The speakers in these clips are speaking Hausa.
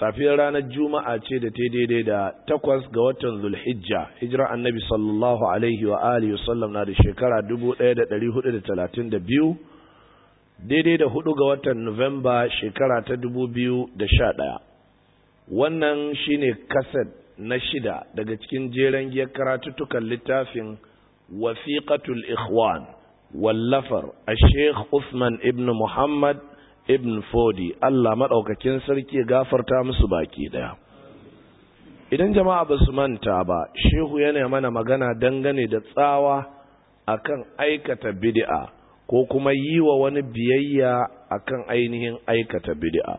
safiyar ranar juma'a ce da ta daidai da takwas ga watan zulhijja hijira annabi sallallahu alaihi wa alihi wasallam na da shekara 1432 daidai da hudu ga watan nuwamba shekara ta 2011 wannan shine kaset na shida daga cikin jeren giyar karatuttukan littafin wasiqatul ikhwan wallafar a sheikh usman ibn muhammad ibn fodi Allah maɗaukakin sarki gafarta musu baki ɗaya idan jama'a ba su manta ba shehu yana mana magana dangane da tsawa akan aikata bidi'a, ko kuma yi wa wani biyayya akan ainihin aikata bidi'a.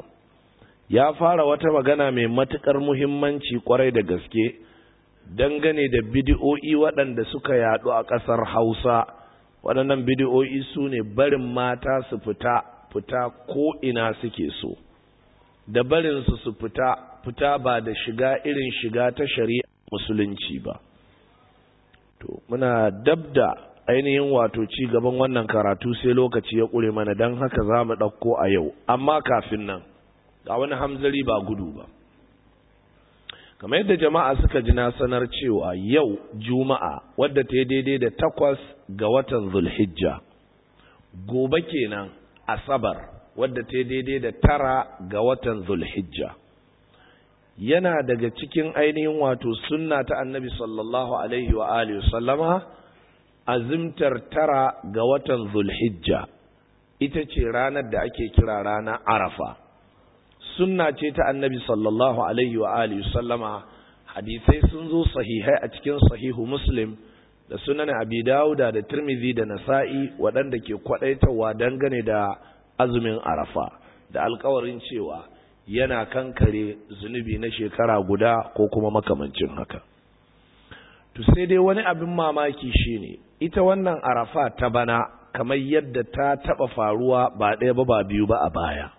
ya fara wata magana mai matukar muhimmanci kwarai da gaske dangane da bid'o'i waɗanda suka yaɗu a ƙasar Hausa waɗannan bidiyo'i su ne barin mata su fita fita ko ina suke so da barinsu su fita fita ba da shiga irin shiga ta shari'a musulunci ba to muna dabda ainihin wato ci gaban wannan karatu sai lokaci ya ƙure mana don haka za mu ɗauko a yau amma kafin nan ga wani hamzari ba gudu ba kamar yadda jama'a suka ji na sanar cewa yau juma'a wadda ta yi daidai da takwas ga watan zulhijja gobe kenan asabar wadda ta daidai da tara ga watan zulhijja yana daga cikin ainihin wato sunna ta annabi sallallahu alaihi wa alihi sallama azimtar tara ga watan zulhijja ita ce ranar da ake kira rana arafa sunna ce ta annabi sallallahu alaihi wa alihi sallama hadisai sun zo sahihai a cikin sahihu muslim da sunan abi dauda da tirmidhi da nasa'i waɗanda ke kwaɗaitawa dangane da azumin arafa da alkawarin cewa yana kankare zunubi na shekara guda ko kuma makamancin haka to sai dai wani abin mamaki shine ita wannan arafa ta bana kamar yadda ta taɓa faruwa ba ɗaya ba ba biyu ba a baya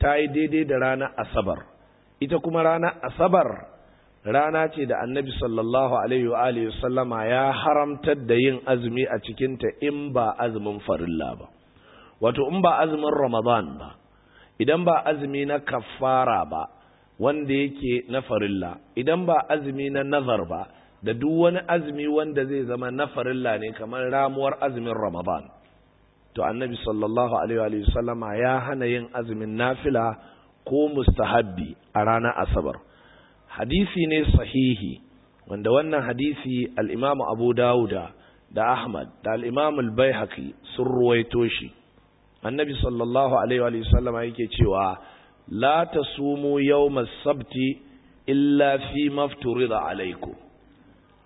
ta yi daidai da ranar asabar ita kuma ranar asabar rana ce da annabi sallallahu alaihi wa alihi sallama ya haramtar da yin azumi a cikinta in ba azumin farilla ba wato in ba azumin ramadan ba idan ba azumi na kafara ba wanda yake na farilla idan ba azumi na nazar ba da duk wani azumi wanda zai zama na farilla ne kamar ramuwar azumin ramadan to annabi sallallahu alaihi wa sallama ya hana yin azumin nafila ko mustahabbi a ranar asabar hadisi ne sahihi wanda wannan hadisi al'imamu abu dawuda da ahmad da al'imamu albayhaki sun ruwaito shi annabi sallallahu alaihi wa sallama yake cewa la ta sumu yau sabti illa fi mafturi da alaiku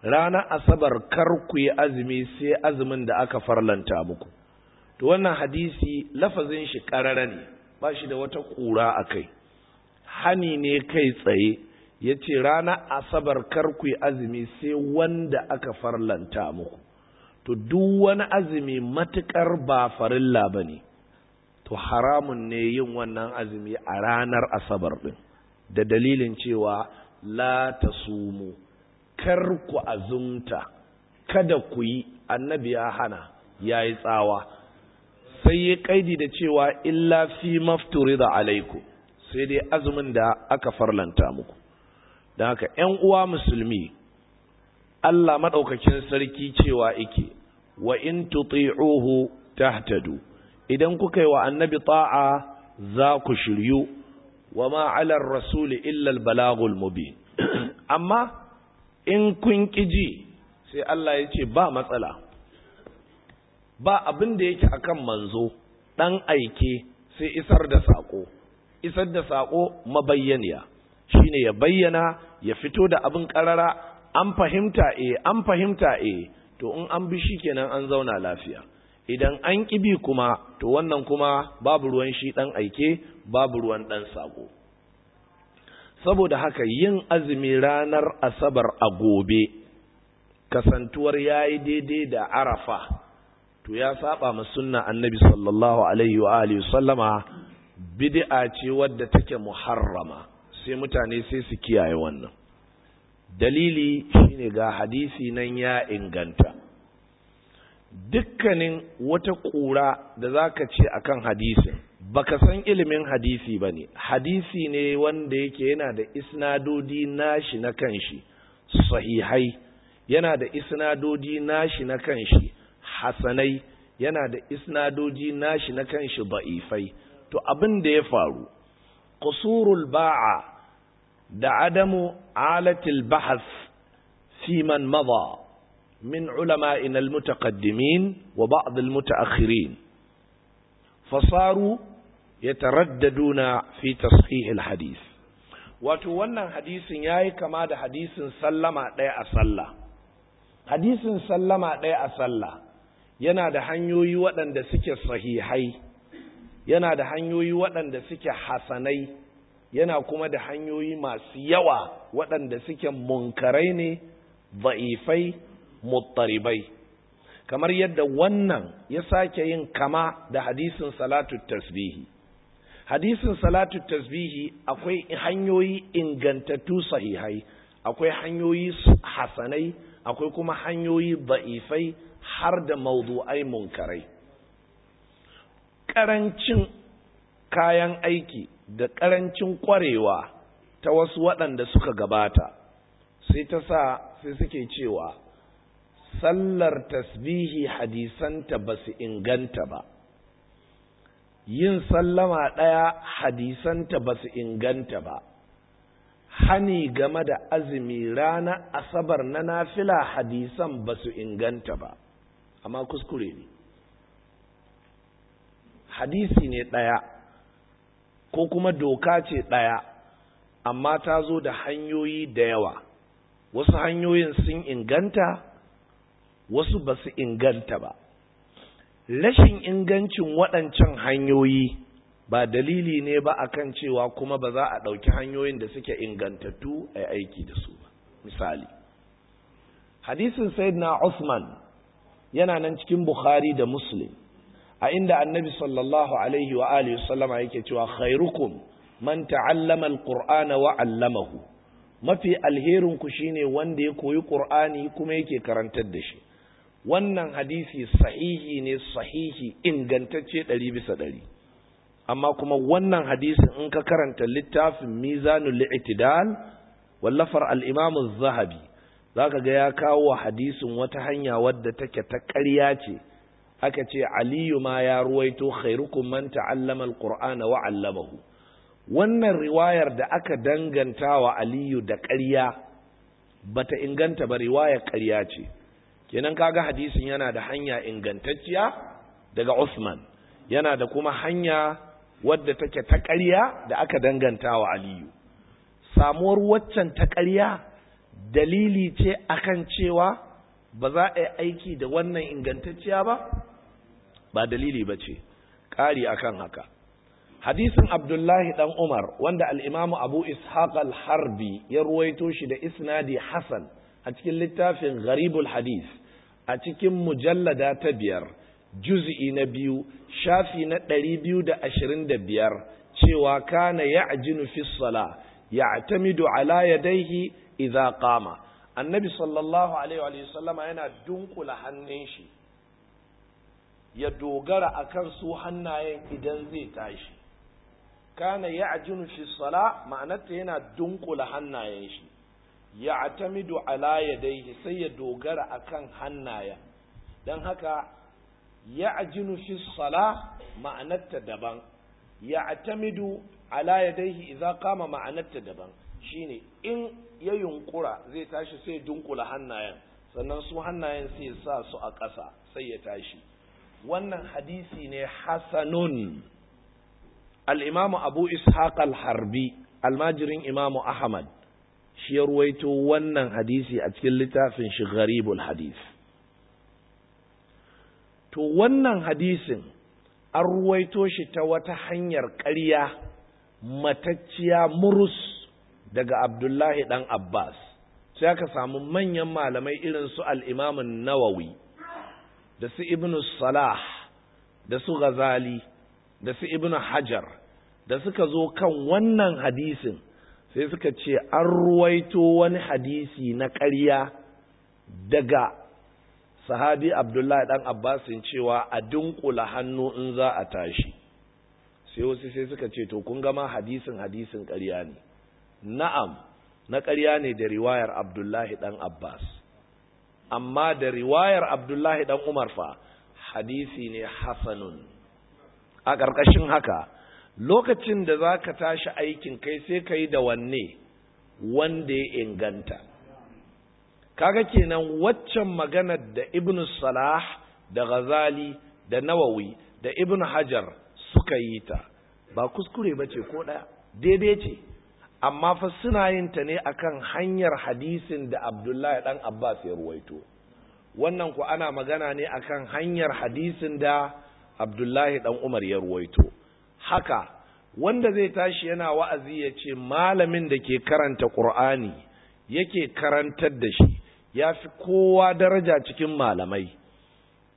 ranar asabar kar ku yi azumi sai azumin da aka farlanta muku to wannan hadisi lafazin shi ƙarara ne ba shi da wata ƙura a kai hani ne kai tsaye ya ce ranar asabar karku azumi sai wanda aka farlanta muku to duk wani azumi matukar ba farilla ba ne to haramun ne yin wannan azumi a ranar asabar ɗin da dalilin cewa la ta sumu kar azumta kada ku yi annabi ya hana ya yi tsawa sai ya kaidi da cewa illa fi mafturi da alaiku sai dai azumin da aka farlanta muku don haka ‘yan uwa musulmi Allah maɗaukakin sarki cewa ike wa in tuti'uhu tahtadu idan kuka yi wa annabi ta'a za ku shiryu wa ma rasuli illal balagul mubi amma in kun ƙiji sai Allah ya ce ba matsala ba abin da yake akan manzo ɗan aike sai isar da sako isar da saƙo mabayyaniya ne ya bayyana ya fito da abin karara an fahimta eh an fahimta eh to in an bi shi kenan an zauna lafiya idan an kibi kuma to wannan kuma babu ruwan shi dan aike babu ruwan dan sako saboda haka yin azumi ranar asabar a gobe kasantuwar yayi daidai da arafa to ya saba ma sunna annabi sallallahu alaihi wa alihi sallama bid'a ce wadda take muharrama sai mutane sai su kiyaye wannan dalili shine ga hadisi nan ya inganta dukkanin wata kura da zaka ce akan hadisin baka san ilimin hadisi bane hadisi ne wanda yake yana da isnadodi nashi na kanshi sahihai yana da isnadodi nashi na kanshi hasanai yana da isnadoji nashi na kanshi ba'ifai to abin da ya faru kusurul ba'a ده عدم آلة البحث في من مضى من علمائنا المتقدمين وبعض المتأخرين فصاروا يترددون في تصحيح الحديث وتونا حديث ياي كما ده حديث سلم عليه أصلى حديث سلم عليه أصلى ينا ده حنيوي ودن ده سكي صحيحي ينا ده حنيوي ودن ده سكي حسني yana kuma da hanyoyi masu yawa waɗanda suke munkarai ne za'ifai muttaribai kamar yadda wannan ya sake yin kama da hadisin salatu tasbihi hadisin salatu tasbihi akwai hanyoyi ingantattu sahihai akwai hanyoyi hasanai akwai kuma hanyoyi ba'ifai har da mawdu'ai munkarai ƙarancin kayan aiki da ƙarancin ƙwarewa ta wasu waɗanda suka gabata sai ta sa sai suke cewa sallar tasbihi hadisanta ba su inganta ba yin sallama ɗaya hadisanta ba su inganta ba hani game da azumi rana asabar na nafila hadisan ba su inganta ba amma kuskure ne hadisi ne ɗaya ko kuma doka ce ɗaya amma ta zo da hanyoyi da yawa wasu hanyoyin sun inganta wasu ba su inganta ba rashin ingancin waɗancan hanyoyi ba dalili ne ba akan cewa kuma ba za a ɗauki hanyoyin da suke ingantattu a aiki da su ba misali hadisin sayyidina Usman yana nan cikin Bukhari da Muslim a inda annabi sallallahu alaihi wa alihi sallama yake cewa khairukum man ta'allama alqur'ana wa 'allamahu mafi alherin ku shine wanda ya koyi qur'ani kuma yake karantar da shi wannan hadisi sahihi ne sahihi ingantacce ɗari bisa ɗari. amma kuma wannan hadisin in ka karanta littafin mizanul i'tidal wallafar al-imam az-zahabi zaka ga ya kawo hadisin wata hanya wadda take ta ƙarya ce aka ce aliyu ma ya ruwaito khairukum man ta'allama alqur'ana wa 'allamahu wannan riwayar da aka danganta wa aliyu da ƙarya bata inganta ba riwayar ƙarya ce kenan kaga hadisin yana da hanya ingantacciya daga Usman yana da kuma hanya wadda take ta ƙarya da aka danganta wa aliyu samuwar waccan ta ƙarya dalili ce akan cewa ba za a yi aiki da wannan ingantacciya ba ba dalili ba ce ƙari akan haka hadisin abdullahi Ɗan umar wanda al'imamu abu ishaq al-harbi ya ruwaito shi da isnadi hassan a cikin littafin garibul hadis a cikin mujallada ta biyar juzi'i na biyu shafi na ɗari biyu da ashirin da biyar cewa kana ya'jinu fi sala ya'tamidu ala yadayhi idza kama annabi sallallahu alaihi wa sallama yana dunkula hannun shi ya dogara a kan su hannayen idan zai tashi kana ya'jinu shi sala ma'anarta yana dunkula hannayen shi ya'tamidu ala yadayhi sai ya dogara a kan hannayen Don haka ya'jinu shi sala ma'anarta daban ya'tamidu ala yadayhi idza kama ma'anarta daban shine in ya yunkura zai tashi sai dunkula hannayen sannan su hannayen sai sa su a ƙasa sai ya tashi wannan hadisi ne hasanun al'imamu abu ishaq al-harbi almajirin imamu ahmad shi ya ruwaito wannan hadisi a cikin littafin shi gharibul hadis to wannan hadisin an ruwaito shi ta wata hanyar ƙarya matacciya murus daga abdullahi ɗan abbas sai aka samu manyan malamai irin su al'imamun nawawi da su ibnu salah da su ghazali da su ibnu hajar da suka zo kan wannan hadisin sai suka ce an ruwaito wani hadisi na ƙarya daga sahabi abdullahi dan in cewa a dunkula hannu in za a tashi sai wasu sai suka ce to kun gama hadisin hadisin ƙarya ne na'am na ƙarya ne da riwayar abdullahi dan abbas amma da riwayar abdullahi dan umar fa hadisi ne hasanun a ƙarƙashin haka lokacin da za ka tashi aikin kai sai ka yi da wanne wanda ya inganta kaga kenan waccan maganar da ibn salah da ghazali da nawawi da ibn hajar suka yi ta ba kuskure ba ko ɗaya daidai ce amma fa suna yin ta ne akan hanyar hadisin da abdullahi dan abbas ya ruwaito wannan ku ana magana ne akan hanyar hadisin da abdullahi dan umar ya ruwaito haka wanda zai tashi yana wa'azi ya ce malamin da ke karanta ƙur'ani yake karantar da shi ya fi kowa daraja cikin malamai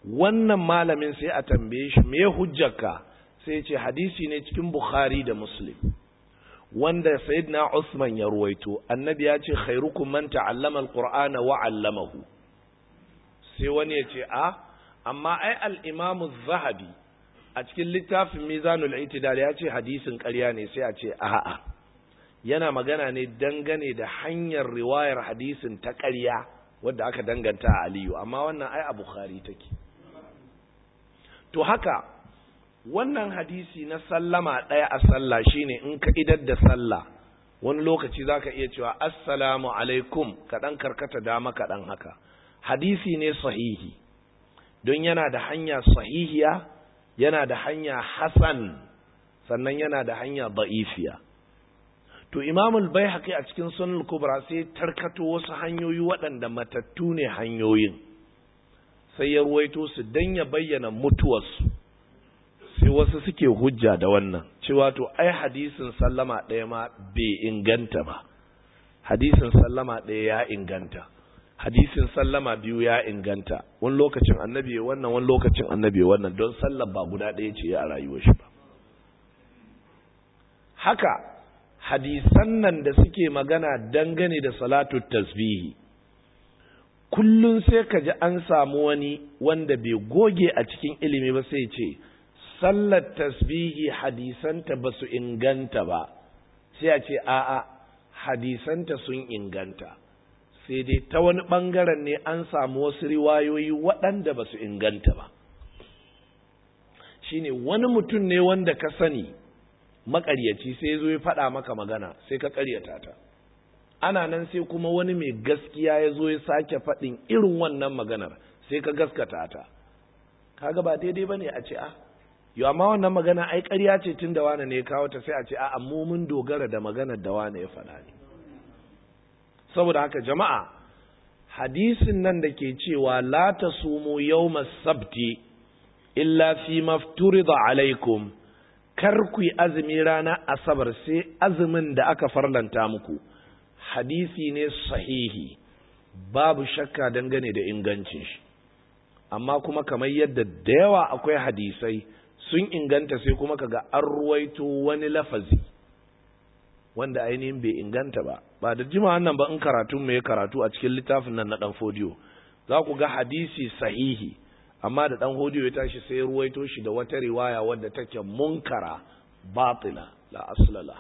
wannan malamin sai a tambaye shi me hujjarka sai ya ce hadisi ne cikin bukhari da muslim wanda sayyidina Usman ya ruwaito annabi ya ce khairukum man ta'allama alqur'ana wa 'allamahu sai wani ya ce a ah, amma ai al-imam zahabi a cikin littafin mizanul itidal ya ce hadisin ƙarya ne sai a ce a'a yana magana ne dangane da hanyar riwayar hadisin ta ƙarya wanda aka danganta a Aliyu amma wannan ai a Bukhari take to haka wannan hadisi na sallama ɗaya a sallah shine in ka idar da sallah wani lokaci za ka iya cewa assalamu alaikum kaɗan karkata dama ka kaɗan haka hadisi ne sahihi don yana da hanya sahihiya yana da hanya hasan sannan yana da hanya ba'ifiya to imamul bai haƙi a cikin sunan kubra sai tarkato wasu hanyoyi waɗanda matattu ne hanyoyin sai ya ruwaito su don ya bayyana mutuwarsu sai wasu suke hujja da wannan cewa to ai hadisin sallama ɗaya ma bai inganta ba hadisin sallama ɗaya ya inganta hadisin sallama biyu ya inganta wani lokacin annabi ya wannan wani lokacin annabi ya wannan don sallar ba guda ɗaya ce a rayuwar shi ba haka hadisan nan da suke magana dangane da salatu tasbihi kullun sai ka ji an samu wani wanda bai goge a cikin ilimi ba sai ce sallar tasbihi hadisanta ba su inganta ba sai a ce a'a hadisanta sun inganta sai dai ta wani ɓangaren ne an samu wasu riwayoyi waɗanda ba su inganta ba shine wani mutum ne wanda ka sani makaryaci sai zo ya faɗa maka magana sai ka ƙaryata ta ana nan sai kuma wani mai gaskiya ya zo ya sake faɗin irin wannan maganar sai ka gaskata ta kaga ba daidai ba ne a ce ah yo amma wannan magana ai ƙarya ce tun da wane ne ya kawo ta sai a ce a'a mu mun dogara da maganar da wane ya faɗa ne saboda haka jama'a hadisin nan da ke cewa la tasumu yawmas sabti illa fi mafturida alaikum kar ku yi azumi rana asabar sai azumin da aka farlanta muku hadisi ne sahihi babu shakka dangane da ingancin shi amma kuma kamar yadda da yawa akwai hadisai sun inganta sai kuma ka ga an ruwaito wani lafazi wanda ainihin bai inganta ba ba da jima nan ba in karatun mai karatu a cikin littafin nan na dan fodiyo za ku ga hadisi sahihi amma da dan hodiyo ya tashi sai ruwaito shi da wata riwaya wadda take munkara batila la asla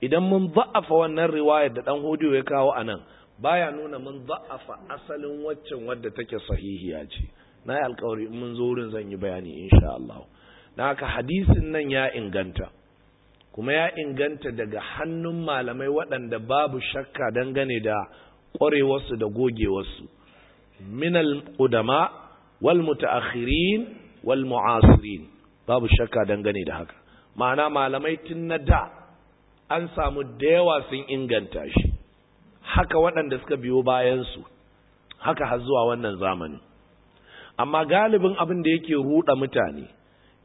idan mun za'afa wannan riwayar da dan hodiyo ya kawo anan baya nuna mun za'afa asalin waccan wadda take sahihiya ce na yi alkawari in mun zo zan yi bayani insha Allah na haka hadisin nan ya inganta kuma ya inganta daga hannun malamai waɗanda babu shakka dangane da ƙwarewarsu da gogewarsu minal ƙudama wal mutaakhirin wal mu'asirin babu shakka dangane da haka ma'ana malamai tun na da an samu da yawa sun inganta shi haka waɗanda suka biyo bayansu haka har zuwa wannan zamanin amma galibin abin da yake ruɗe mutane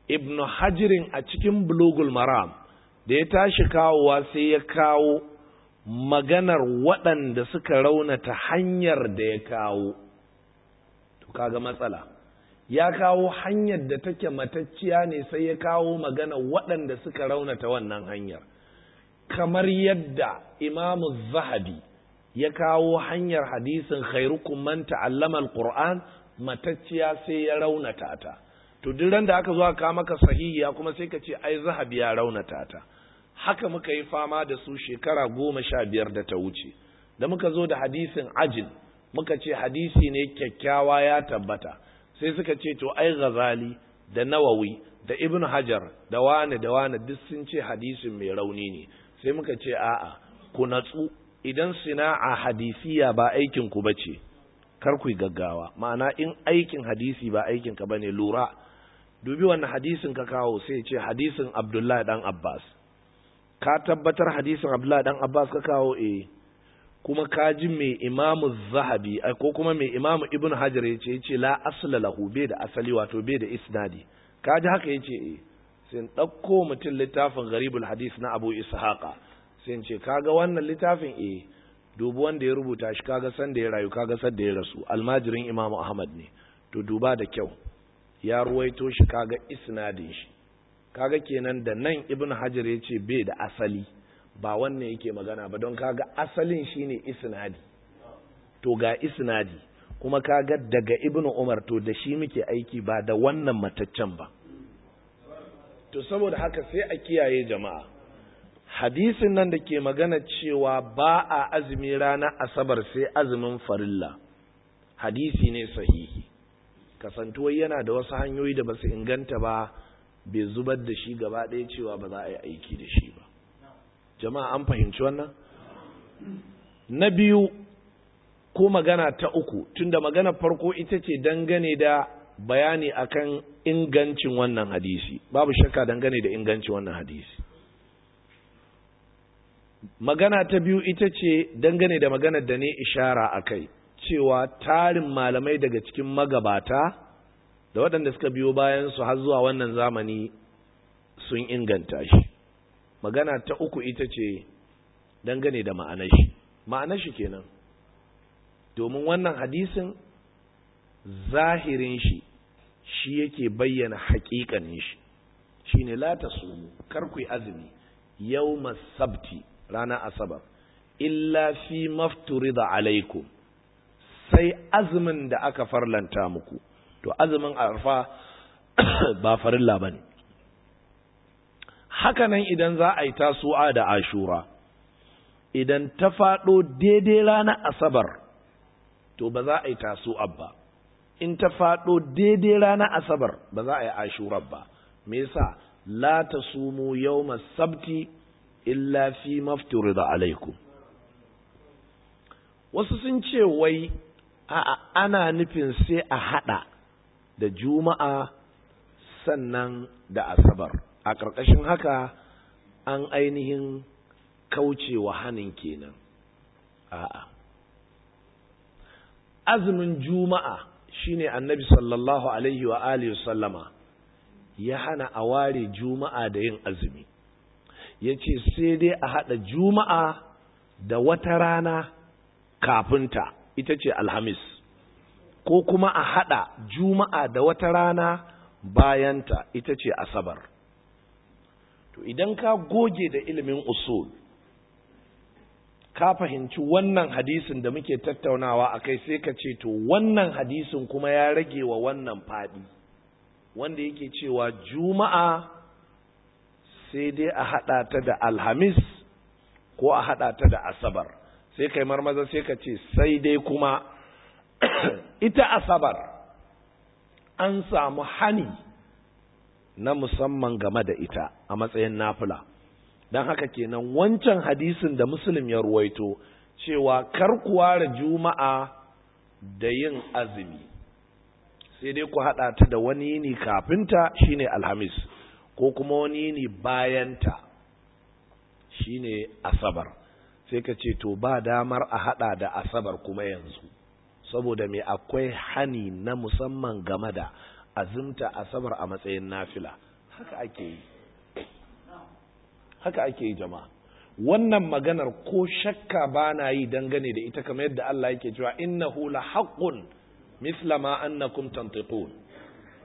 ibnu hajirin a cikin bulogul maram da ya tashi kawowa sai ya kawo maganar waɗanda suka raunata hanyar da ya kawo to kaga matsala ya kawo hanyar da take matacciya ne sai ya kawo maganar waɗanda suka raunata wannan hanyar kamar yadda imamu zahabi ya kawo hanyar hadisin khairukum man ta'allama al-qur'an matacciya sai ya raunata ta to duk da aka zo aka maka sahihiya kuma sai ka ce ai zahab ya raunata ta haka muka yi fama da su shekara goma sha biyar da ta wuce da muka zo da hadisin ajin muka ce hadisi ne kyakkyawa ya tabbata sai suka ce to ai ghazali da nawawi da ibn hajar da wani da wani duk sun ce hadisin mai rauni ne sai muka ce a'a ku natsu idan sina'a hadisiya ba aikin ku bace kar ku gaggawa ma'ana in aikin hadisi ba aikin ka bane lura dubi wannan hadisin ka kawo sai ce hadisin Abdullahi dan Abbas ka tabbatar hadisin Abdullahi dan Abbas ka kawo eh kuma ka ji mai imamu Zahabi eh, ko kuma mai imamu Ibn Hajar ya ce la asla lahu bai da asali wato bai da isnadi ka ji haka ya ce eh. sai ɗauko mutum littafin garibul hadis na Abu Ishaqa sai ce ga wannan littafin eh dubu wanda ya rubuta shi kaga san da ya rayu kaga san da ya rasu almajirin Imam Ahmad ne to duba da kyau ya ruwaito shi kaga isnadin shi kaga kenan da nan Ibn Hajar ce bai da asali ba wannan yake magana ba don kaga asalin shine isnadi to ga isnadi kuma kaga daga Ibn Umar to da shi muke aiki ba da wannan mataccen ba to saboda haka sai a kiyaye jama'a hadisin nan da ke magana cewa ba a azumi ranar asabar sai azumin farilla hadisi ne sahihi kasantuwa yana da wasu hanyoyi da ba su inganta ba bai zubar da shi gaba ɗaya cewa ba za a yi aiki da shi ba jama'a an fahimci wannan na biyu ko magana ta uku tunda magana farko ita ce dangane da bayani akan ingancin wannan hadisi babu shakka dangane da ingancin wannan hadisi magana ta biyu ita ce dangane da maganar da ne ishara a kai cewa tarin malamai daga cikin magabata da waɗanda suka biyo bayan su har zuwa wannan zamani sun inganta shi magana ta uku ita ce dangane da ma'anar shi ma'anar shi kenan domin wannan hadisin zahirin shi shi yake bayyana haƙiƙanin shi shine la tasumu kar kuyi azumi yawmas sabti Ranar asabar illa fi da alaikum sai azumin da aka farlanta muku to azumin arfa ba farilla ne. hakanan idan za a yi tasu'a da ashura idan ta faɗo daidai ranar asabar to ba za a yi tasu'a ba in ta faɗo daidai ranar asabar ba za a yi ashura ba me yasa la tasumu yawmas sabti illa fi mafturida alaikum wasu sun ce wai a'a ana nufin sai a haɗa. da juma'a sannan da asabar a ƙarƙashin haka an ainihin kaucewa hanin kenan a'a azumin juma'a shine annabi sallallahu alaihi wa alihi sallama ya hana a ware juma'a da yin azumi ya ce sai dai a haɗa juma'a da wata rana kafinta ita ce alhamis ko kuma a haɗa juma'a da wata rana bayanta ita ce asabar to idan ka goge da ilimin usul ka fahimci wannan hadisin da muke tattaunawa a kai sai ka ce to wannan hadisin kuma ya rage wa wannan faɗi wanda yake cewa juma'a sai dai a haɗa ta da alhamis ko a haɗa ta da asabar sai kai marmaza sai ka ce sai dai kuma ita asabar an samu hani na musamman game da ita a matsayin nafula. don haka kenan wancan hadisin da musulun ya ruwaito cewa kar ku juma'a da yin azumi sai dai ku haɗa ta da wani yini kafinta shine alhamis ko kuma wani ne bayanta shi ne asabar sai ka ce to ba damar a haɗa da asabar kuma yanzu saboda mai akwai hani na musamman game da azumta asabar a matsayin nafila haka ake yi haka ake yi jama'a wannan maganar ko shakka ba na yi dangane da ita kamar yadda Allah yake cewa inna hula haqqun mislama ma annakum tantiqun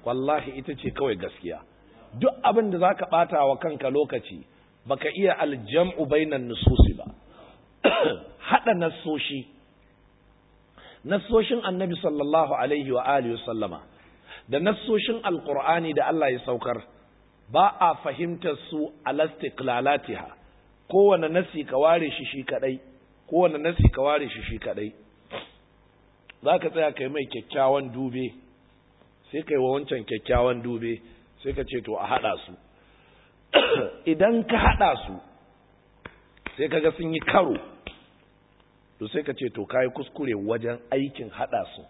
wallahi ita ce kawai gaskiya duk abin da ka ɓata wa kanka lokaci baka iya aljam'u bainan nususi ba Haɗa nasoshi nasoshin annabi sallallahu alaihi wa alihi sallama da nasoshin alqur'ani da Allah ya saukar ba a fahimtar su alastiqlalatiha kowane nasi ka ware shi shi kadai kowane nasi ka ware shi shi kadai zaka tsaya kai mai kyakkyawan dube sai kai wa wancan kyakkyawan dube sai ka ce to a haɗa su idan ka haɗa su sai ka ga sun yi karo to sai ka ce to ka yi kuskure wajen aikin haɗa su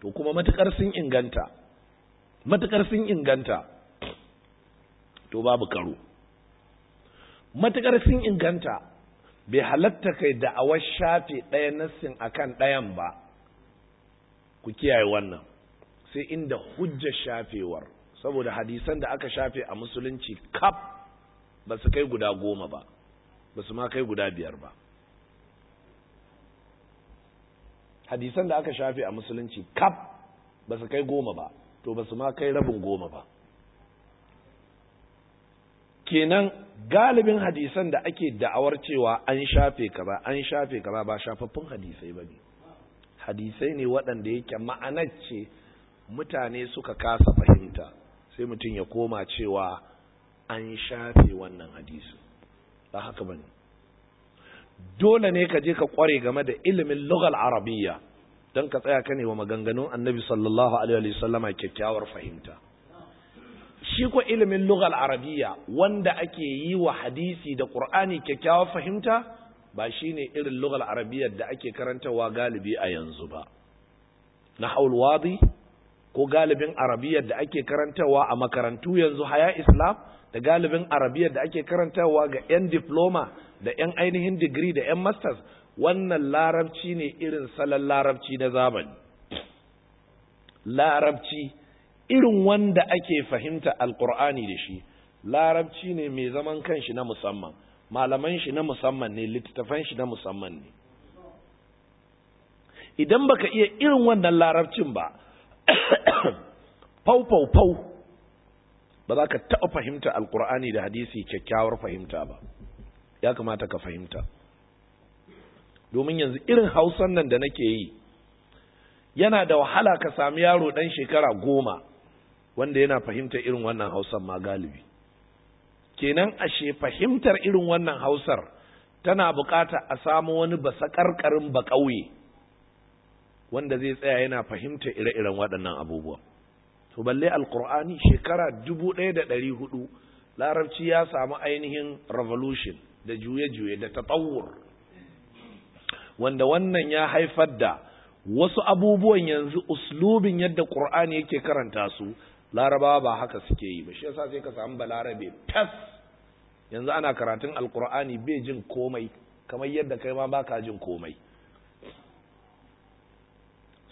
to kuma matuƙar sun inganta matuƙar sun inganta to babu karo matuƙar sun inganta bai halatta kai da'awar shafe ɗaya nassin akan ɗayan ba ku kiyaye wannan sai inda hujja shafewar saboda hadisan da aka shafe a musulunci kaf ba su kai guda goma ba ba su ma kai guda biyar ba hadisan da aka shafe a musulunci kaf ba su kai goma ba to ba su ma kai rabin goma ba kenan galibin hadisan da ake da'awar cewa an shafe ka ba an shafe ka ba ba shafaffun hadisai ba ne hadisai ne waɗanda yake ma'anar ce mutane suka kasa fahimta sai mutum ya koma cewa an shafe wannan hadisi ba haka bane dole ne ka je ka kware game da ilimin lughal arabiyya don ka tsaya ka wa maganganun annabi sallallahu alaihi sallama kyakkyawar fahimta shi ko ilimin lughal arabiyya wanda ake yi wa hadisi da qur'ani kyakkyawar fahimta ba shine irin lughal arabiyyar da ake karantawa galibi a yanzu ba na haul wadi ko galibin arabiyar da ake karantarwa a makarantu yanzu haya islam da galibin arabiyar da ake karantarwa ga 'yan diploma da 'yan ainihin digiri da 'yan masters wannan larabci ne irin salon larabci na zamani larabci irin wanda ake fahimta alkur'ani da shi larabci ne mai zaman kanshi na musamman malaman shi na musamman ne littattafan shi na musamman ne idan baka iya irin wannan larabcin ba fau-fau-fau ba za ka taɓa fahimta Alƙur'ani da hadisi kyakkyawar fahimta ba ya kamata ka fahimta domin yanzu irin hausan nan da nake yi yana da wahala ka sami yaro ɗan shekara goma wanda yana fahimta irin wannan hausan ma galibi kenan ashe fahimtar irin wannan hausar tana bukata a samu wani basakarkarin ba ƙauye wanda zai tsaya yana fahimta ire-iren waɗannan abubuwa to balle alkur'ani shekara dubu ɗaya da ɗari hudu larabci ya samu ainihin revolution da juye-juye da ta tatawur wanda wannan ya haifar da wasu abubuwan yanzu uslubin yadda ƙur'ani yake karanta su larabawa ba haka suke yi ba shi yasa sai ka samu balarabe tas yanzu ana karatun alkur'ani bai jin komai kamar yadda kai ma baka jin komai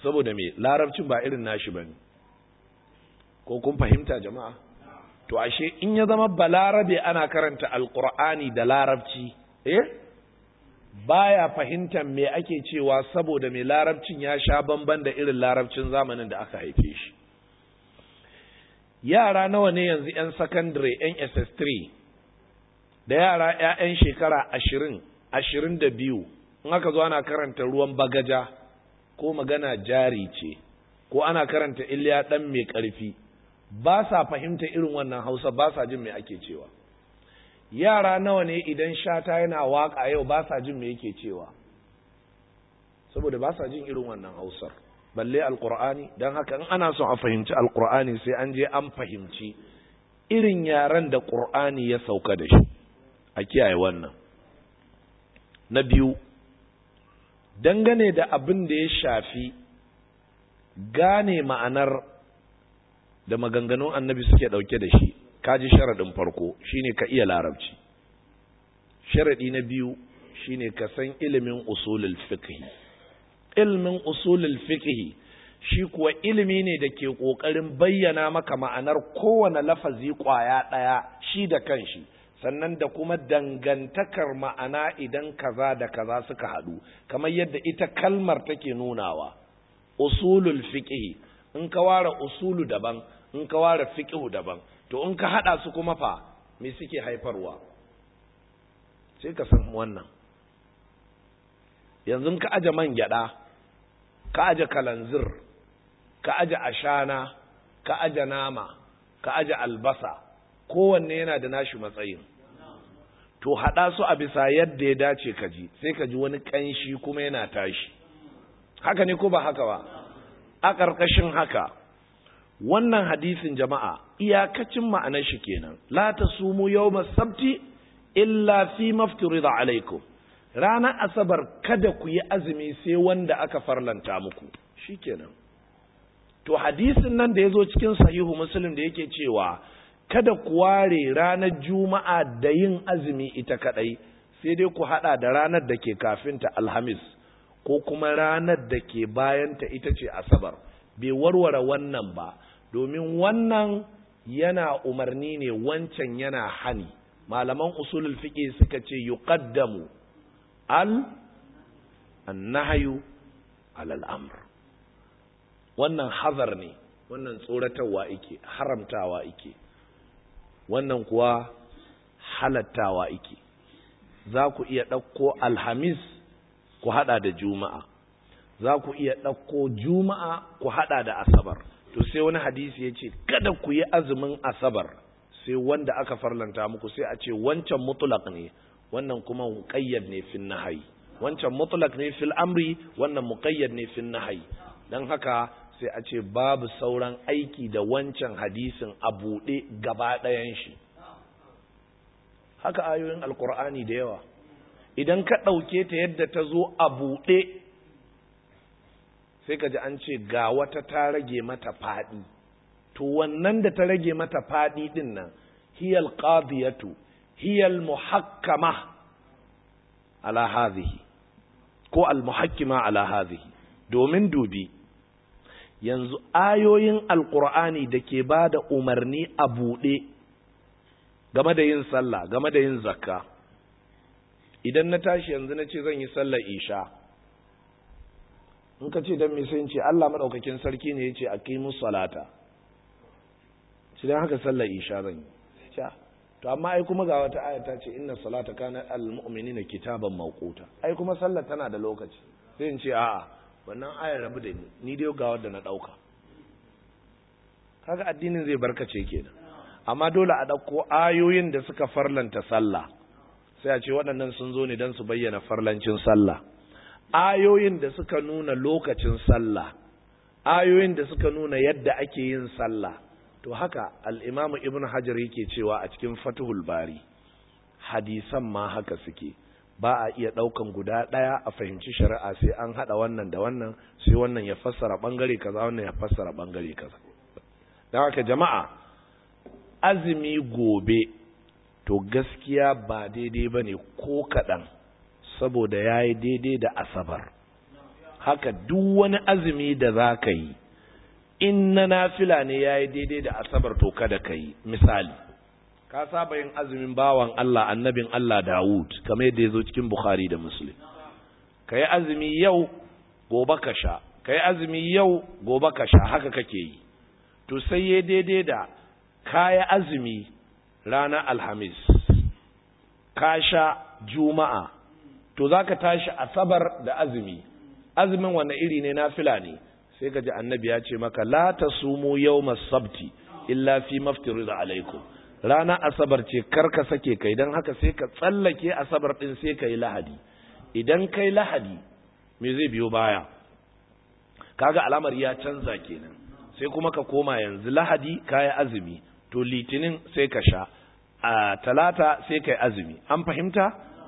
saboda me larabcin ba irin nashi ba ne, ko kun fahimta jama'a to ashe in ya zama balarabe ana karanta alkur'ani da larabci eh baya fahimtar me ake cewa saboda mai larabcin ya sha bamban da irin larabcin zamanin da aka haife shi yara nawa ne yanzu 'yan secondary NSS3 da yara 'ya'yan shekara ashirin, ashirin da biyu, in aka zo ana karanta ruwan bagaja ko magana jari ce ko ana karanta illiya ɗan mai ƙarfi ba sa fahimta irin wannan hausa ba sa jin me ake cewa yara nawa ne idan shata yana waka yau ba sa jin me yake cewa saboda ba sa jin irin wannan hausar balle alqur'ani dan haka in ana son a fahimci alqur'ani sai an je an fahimci irin yaran da qur'ani ya sauka da shi a kiyaye wannan na biyu dangane da abin da ya shafi gane ma'anar da maganganun annabi suke ɗauke da shi kaji sharaɗin farko shine ka iya larabci sharaɗi na biyu shine ka san ilimin usulul fiqhi ilimin usulul fiqhi shi kuwa ilimi ne da ke ƙoƙarin bayyana maka ma'anar kowane lafazi ƙwaya ɗaya shi da kanshi sannan da kuma dangantakar ma'ana idan kaza da kaza suka haɗu kamar yadda ita kalmar take nunawa usulul fiqh in ka ware usulu daban in ka ware fiqh daban to in ka haɗa su kuma fa me suke haifarwa sai ka san wannan yanzu ka aje man gyada, ka aje kalanzir ka aje ashana ka aje nama ka aje albasa kowanne yana da nashi matsayin to haɗa su a bisa yadda ya dace ka ji sai ka ji wani ƙanshi kuma yana tashi haka ne ko ba haka ba a ƙarƙashin haka wannan hadisin jama'a iyakacin ma'anar shi kenan la tasumu yawma sabti illa fi mafturida alaikum ranar asabar kada ku yi azumi sai wanda aka farlanta muku shikenan to hadisin nan da ya zo cikin sahihu muslim da yake cewa kada ku ware ranar juma'a da yin azumi ita kadai sai dai ku hada da ranar da ke kafinta alhamis ko kuma ranar da ke bayanta ita ce asabar bai warware wannan ba domin wannan yana umarni ne wancan yana hani malaman usulul fiqh suka ce yuqaddamu al annahyu ala al-amr wannan hazar ne wannan tsoratarwa yake haramtawa yake wannan kuwa halattawa ike za ku iya ɗauko alhamis ku haɗa da juma'a za ku iya ɗauko juma'a ku haɗa da asabar to sai wani hadisi ya ce kada ku yi azumin asabar sai wanda aka farlanta muku sai a ce wancan mutulak ne wannan kuma muƙayyad ne fin nahayi wancan mutlak ne fil amri wannan muƙayyad ne fin nahayi dan haka sai a ce babu sauran aiki da wancan hadisin a buɗe gaba ɗayan shi haka ayoyin alkur'ani da yawa idan ka ɗauke ta yadda ta zo a buɗe sai ka ji an ce ga wata ta rage mata faɗi to wannan da ta rage mata faɗi ɗin nan hiyal qadiyatu hiyal muhakkama ala hazihi ko al muhakkima ala hazihi domin dubi yanzu ayoyin alkur'ani da ke ba da umarni a buɗe game da yin sallah game da yin zakka idan na tashi yanzu na ce zan yi sallar isha in ka ce don me sai ce Allah maɗaukakin sarki ne ya ce a kimu salata Sai don haka sallar isha zan yi to amma ai kuma ga wata aya ta ce inna salata kana al-mu'minina kitaban mawquta ai kuma sallar tana da lokaci sai in ce a'a wannan ayar rabu da ni ni dai ga wanda na dauka kaga addinin zai barkace kenan amma dole a dauko ayoyin da suka farlanta sallah sai a ce waɗannan sun zo ne dan su bayyana farlancin sallah ayoyin da suka nuna lokacin sallah ayoyin da suka nuna yadda ake yin sallah to haka al al'imamu ibn hajar yake cewa a cikin fatuhul bari hadisan ma haka suke ba a iya ɗaukan guda ɗaya a fahimci shari'a sai an haɗa wannan da wannan sai wannan ya fassara bangare kaza wannan ya fassara ɓangare kaza Da haka jama'a azumi gobe to gaskiya ba daidai ba ne ko kaɗan saboda ya yi daidai da asabar haka duk wani azumi da za ka yi in na nafila ne ya yi daidai da asabar to kada ka yi misali ka saba yin azumin bawan Allah annabin Allah Dawud kamar yadda yazo cikin Bukhari da Muslim kai azumi yau gobe ka sha kai azumi yau gobe ka sha haka kake yi to sai ya daidai da kaya azumi ranar Alhamis ka sha Juma'a to zaka tashi Asabar da azumi azumin wanne iri ne na ne sai ka ji annabi ya ce maka la tasumu yawmas sabti illa fi maftirida alaikum rana asabar ce kar ka sake kai don haka sai ka tsallake asabar ɗin sai ka yi lahadi idan kai lahadi me zai biyo baya kaga alamar ya canza kenan sai kuma ka koma yanzu lahadi ka yi azumi to litinin sai ka sha a talata sai kai azumi an fahimta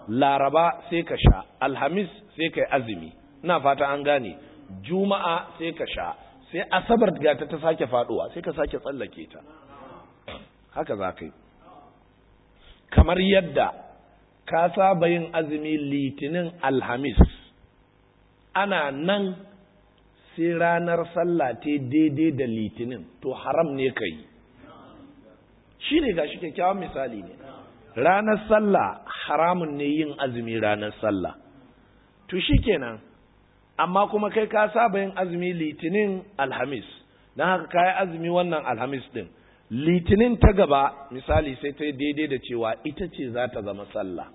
laraba sai ka sha alhamis sai kai azumi ina fata an gane juma'a sai ka sha sai asabar ga ta sake faduwa sai ka sake tsallake ta haka za ka yi kamar yadda ka saba yin azumi litinin alhamis ana nan sai ranar sallah ta daidai da litinin to haram ne ka yi shi ne gashi kyakkyawan misali ne ranar sallah haramun ne yin azumi ranar sallah to shi kenan amma kuma kai ka saba yin azumi litinin alhamis na haka ka yi azumi wannan alhamis din litinin ta gaba misali sai ta daidai da cewa ita ce za ta zama sallah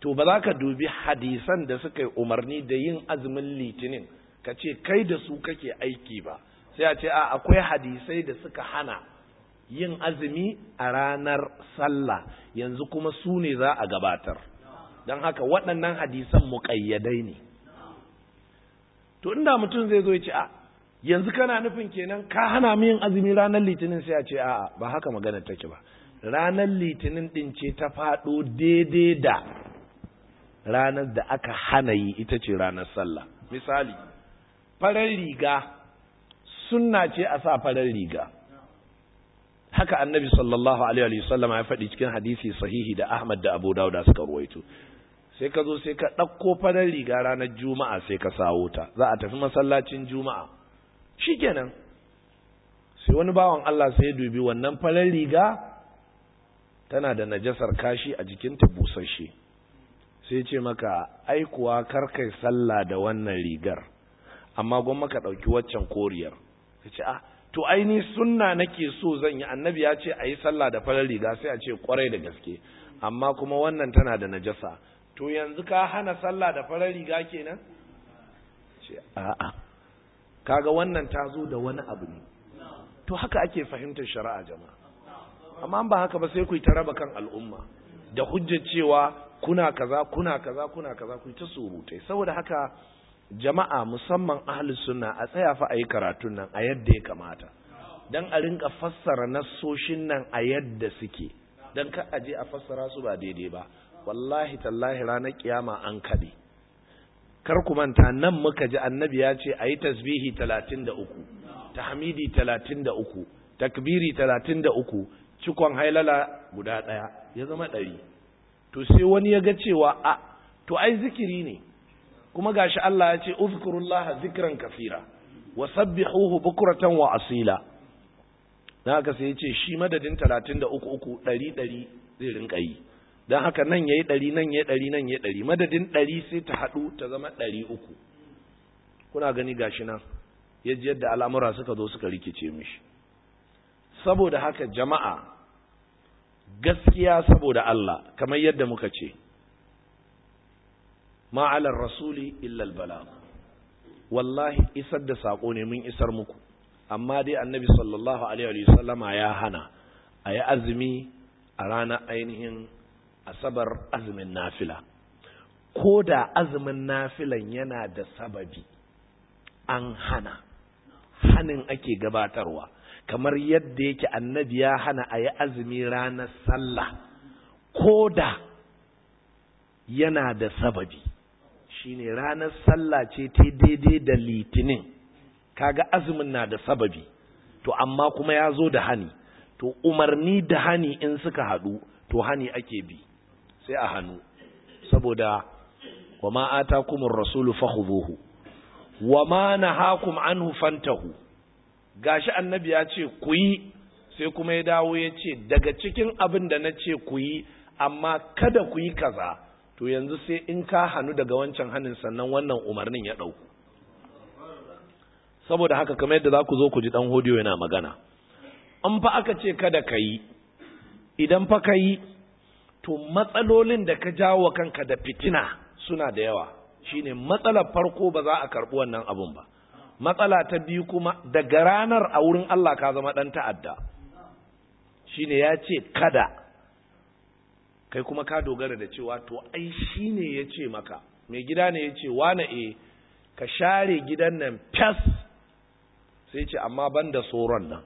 to ba za ka dubi hadisan da suka yi umarni da yin azumin litinin ka ce kai da su kake aiki ba sai a ce a akwai hadisai da suka hana yin azumi a ranar sallah yanzu kuma su ne za a gabatar don haka waɗannan hadisan muƙayyadai ne to inda mutum zai zo ya ce a yanzu kana nufin kenan ka hana mu yin azumi ranar litinin sai a ce a'a ba haka magana take ba ranar litinin din ce ta faɗo daidai da ranar da aka hana yi ita ce ranar sallah misali farar riga sunna ce a sa farar riga haka annabi sallallahu alaihi wa sallam ya faɗi cikin hadisi sahihi da Ahmad da Abu Dawud suka ruwaito sai ka zo sai ka ɗauko farar riga ranar juma'a sai ka sawo ta za a tafi masallacin juma'a shi kenan sai wani bawan Allah sai ya dubi wannan farar riga tana da najasar kashi a jikinta busasshe sai ce maka aikuwa karkai sallah da wannan rigar amma gwamma maka ɗauki waccan koriyar sai ce ah to aini sunna nake so zan yi annabi ya ce a yi sallah da farar riga sai a ce kwarai da gaske amma kuma wannan tana da najasa to yanzu ka hana sallah da farar riga kenan ce a'a kaga wannan ta zo da wani abu ne to haka ake fahimtar shari'a jama'a amma ba haka ba sai ku ta raba kan al'umma da hujjar cewa kuna kaza kuna kaza kuna kaza ku ta surutai saboda haka jama'a musamman ahlus sunna a tsaya fa ayi karatun nan a yadda ya kamata dan a rinka fassara nasoshin nan a yadda suke dan a je a fassara su ba daidai ba wallahi tallahi ranar kiyama an kade kar ku manta nan muka ji annabi ya ce ayi tasbihi 33 tahmidi 33 takbiri uku, cikon hailala guda ɗaya. ya zama ɗari. to sai wani ya ga cewa a to ai zikiri ne kuma gashi Allah ya ce uzkurullah zikran wa wasabbihuhu bukratan wa asila dan haka sai ya ce shi madadin 33 300 zai rinka yi don haka nan ya yi ɗari nan ya yi ɗari nan ya yi ɗari madadin ɗari sai ta haɗu ta zama ɗari uku kuna gani gashi nan ya ji yadda al'amura suka zo suka rikice mishi saboda haka jama'a gaskiya saboda Allah kamar yadda muka ce ma'alar rasuli illal bala wallahi isar da saƙo ne mun isar muku amma dai annabi sallallahu alaihi wasallama ya hana a yi azumi a ranar ainihin asabar azumin nafila ko da azumin nafilan yana da sababi an hana hanin ake gabatarwa kamar yadda yake annabi ya hana a yi azumi ranar sallah ko da yana da sababi shine ranar sallah ce ta daidai da litinin kaga azumin na da sababi to amma kuma ya zo da hani to umarni da hani in suka haɗu to hani ake bi sai a hannu saboda wa ma atakumur rasulu fakhuduhu wa ma nahakum anhu fantahu gashi annabi ya ce ku yi sai kuma ya dawo ya ce daga cikin abin da na ce ku yi amma kada ku yi kaza to yanzu sai in ka hannu daga wancan hannun sannan wannan umarnin ya ɗauku saboda haka kamar yadda za ku zo ku ji dan hodiyo yana magana an fa aka ce kada ka yi idan fa ka yi to matsalolin da ka ja jawo kanka da fitina suna da yawa shine matsalar farko ba za a karɓi wannan abun ba matsala ta biyu kuma daga ranar a wurin Allah ka zama ɗan ta'adda shine ya ce kada kai kuma ka dogara da cewa to ai shine ya ce maka mai gida ne ya ce wane e ka share gidan nan fes. sai ce amma ban da tsoron nan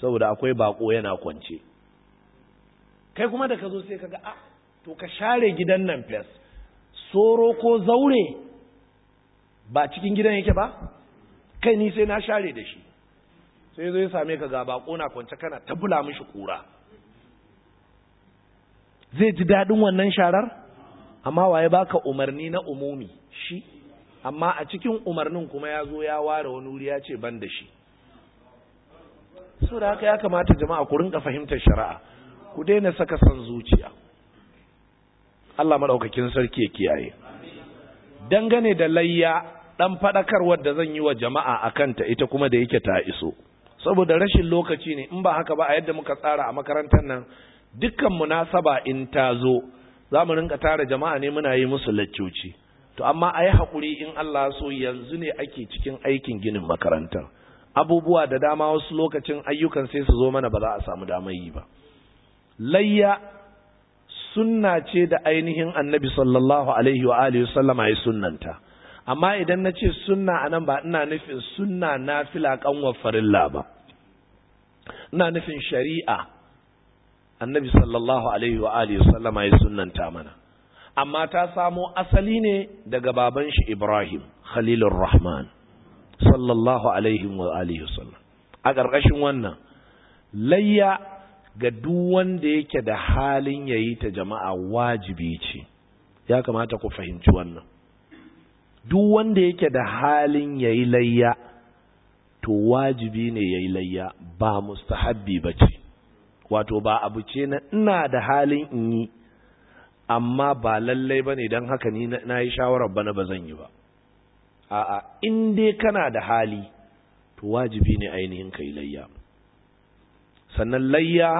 saboda akwai bako yana kwance kai kuma da ka zo sai ka ga a ah, to ka share gidan nan fes soro ko zaure ba cikin gidan yake ba kai ni sai na share da shi sai zo ya same ka ga bako na kwance kana tabula mishi kura zai ji daɗin wannan sharar amma waye baka umarni na umumi shi amma a cikin umarnin kuma ya zo ya ware wani wuri ya ce ban da shi Saboda haka ya kamata jama'a ku rinka fahimtar shari'a ku daina saka son zuciya Allah madaukakin sarki ya kiyaye dangane da layya dan fadakarwar da zan yi wa jama'a akanta ita kuma da yake ta iso saboda rashin lokaci ne in ba haka ba a yadda muka tsara a makarantar nan dukkan munasaba in ta zo za mu rinka tara jama'a ne muna yi musu laccoci to amma ayi hakuri in Allah so yanzu ne ake cikin aikin ginin makarantar abubuwa da dama wasu lokacin ayyukan sai su zo mana ba za a samu damar yi ba layya sunna ce da ainihin annabi sallallahu alaihi wa alihi sallama ya sunnanta amma idan na ce sunna a nan ba ina nufin sunna na fila kanwar farilla ba ina nufin shari'a annabi sallallahu alaihi wa alihi sallama ya sunnanta mana amma ta samo asali ne daga baban shi Ibrahim Khalilur Rahman sallallahu alaihi wa alihi sallam a ƙarƙashin wannan layya ga duk wanda yake da halin yayi ta jama'a wajibi ce ya kamata ku fahimci wannan duk wanda yake da halin yayi layya to wajibi ne yayi layya ba mustahabbi bace wato ba abu ce na ina da halin in yi amma ba lallai ba ne dan haka ni na yi shawarar bana ba zan yi ba a'a in dai kana da hali to wajibi ne ainihin kai layya sannan layya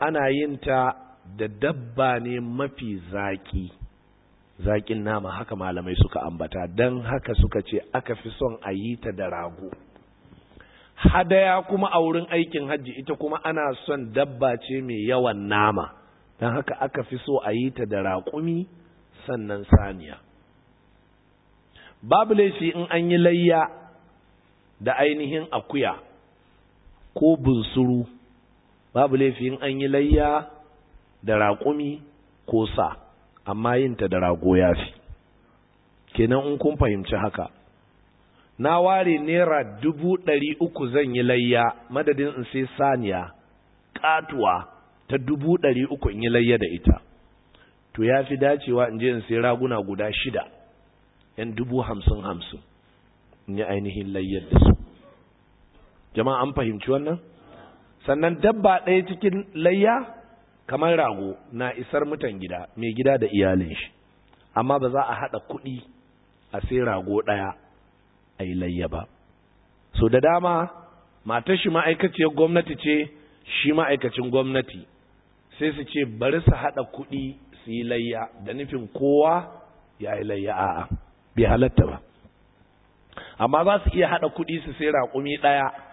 ana yin ta da dabba ne mafi zaki zaƙin nama haka malamai suka ambata don haka suka ce aka fi son a yi ta da rago hadaya kuma a wurin aikin hajji ita kuma ana son dabba ce mai yawan nama don haka aka fi so a yi ta da raƙumi sannan saniya babu laifi in an yi layya da ainihin akuya ko bunsuru babu laifin an yi layya da raƙumi ko sa amma yinta da rago ya fi kenan in kun fahimci haka na ware naira dubu ɗari uku zan yi layya madadin in sai saniya ƙatuwa ta dubu ɗari uku in yi layya da ita to ya fi dacewa in je in sai raguna guda shida yan dubu hamsin hamsin in yi ainihin layyar da su jama'a an fahimci wannan sannan dabba ɗaya cikin layya kamar rago na isar mutan gida mai gida da iyalin shi amma ba za a haɗa kuɗi a sai rago ɗaya a yi layya ba so da dama matar shi ma'aikaciyar gwamnati ce shi ma'aikacin gwamnati sai su ce bari su haɗa kuɗi su yi layya da nufin kowa ya yi layya a'a bai halatta ba amma za su iya haɗa kuɗi su sai raƙumi ɗaya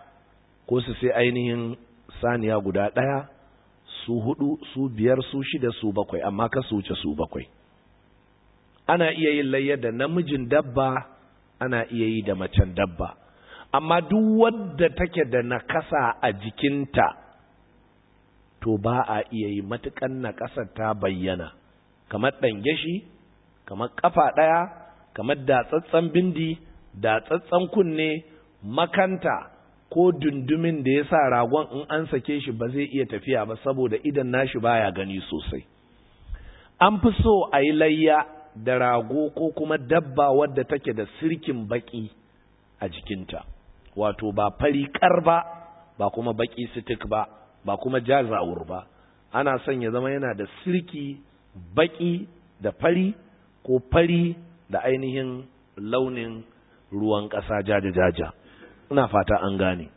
ko su sai ainihin saniya guda ɗaya su hudu su biyar su shida su bakwai amma ka su wuce su bakwai ana iya yin layya da namijin dabba ana iya yi da macen dabba amma duk wadda take da nakasa a jikinta to ba a iya yi matukan nakasar ta bayyana kamar gashi, kamar ƙafa ɗaya kamar datsatsan bindi datsatsan kunne makanta ko dundumin da ya sa ragon in an sake shi ba zai iya tafiya ba saboda idan nashi baya gani sosai an fi so a yi layya da rago ko kuma dabba wadda take da sirkin baki a jikinta wato ba fari kar ba ba kuma baki sitik ba ba kuma jazawur ba ana son ya zama yana da sirki baki da fari ko fari da ainihin launin ruwan ƙasa jaja-jaja ina fata an gane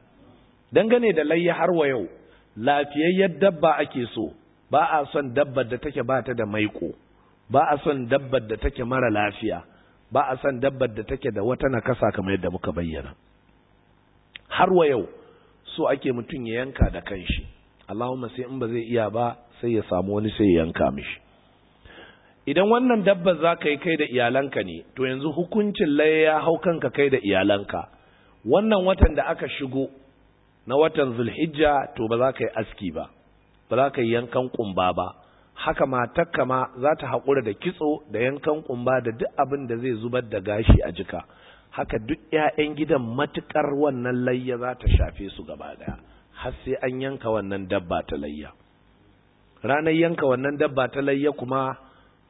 dangane da layya har wa yau lafiyayyar dabba ake so ba a son dabbar da take ba ta da maiko ba a son dabbar da take mara lafiya ba a son dabbar da take da wata nakasa kamar yadda muka bayyana har wa yau so ake mutum ya yanka da kanshi Allahumma sai in ba zai iya ba sai ya samu wani sai ya yanka mishi idan wannan dabbar za ka yi kai da iyalanka ne to yanzu hukuncin layya hau kanka kai da iyalanka wannan watan da aka shigo na watan zulhijja to ba za ka yi aski ba ba za ka yi yankan kumba ba haka ma takka ma za ta haƙura da kitso da yankan kumba da duk abin da zai zubar da gashi a jika haka duk 'ya'yan gidan matukar wannan layya za ta shafe su gaba ɗaya har sai an yanka wannan dabba ta layya ranar yanka wannan dabba ta layya kuma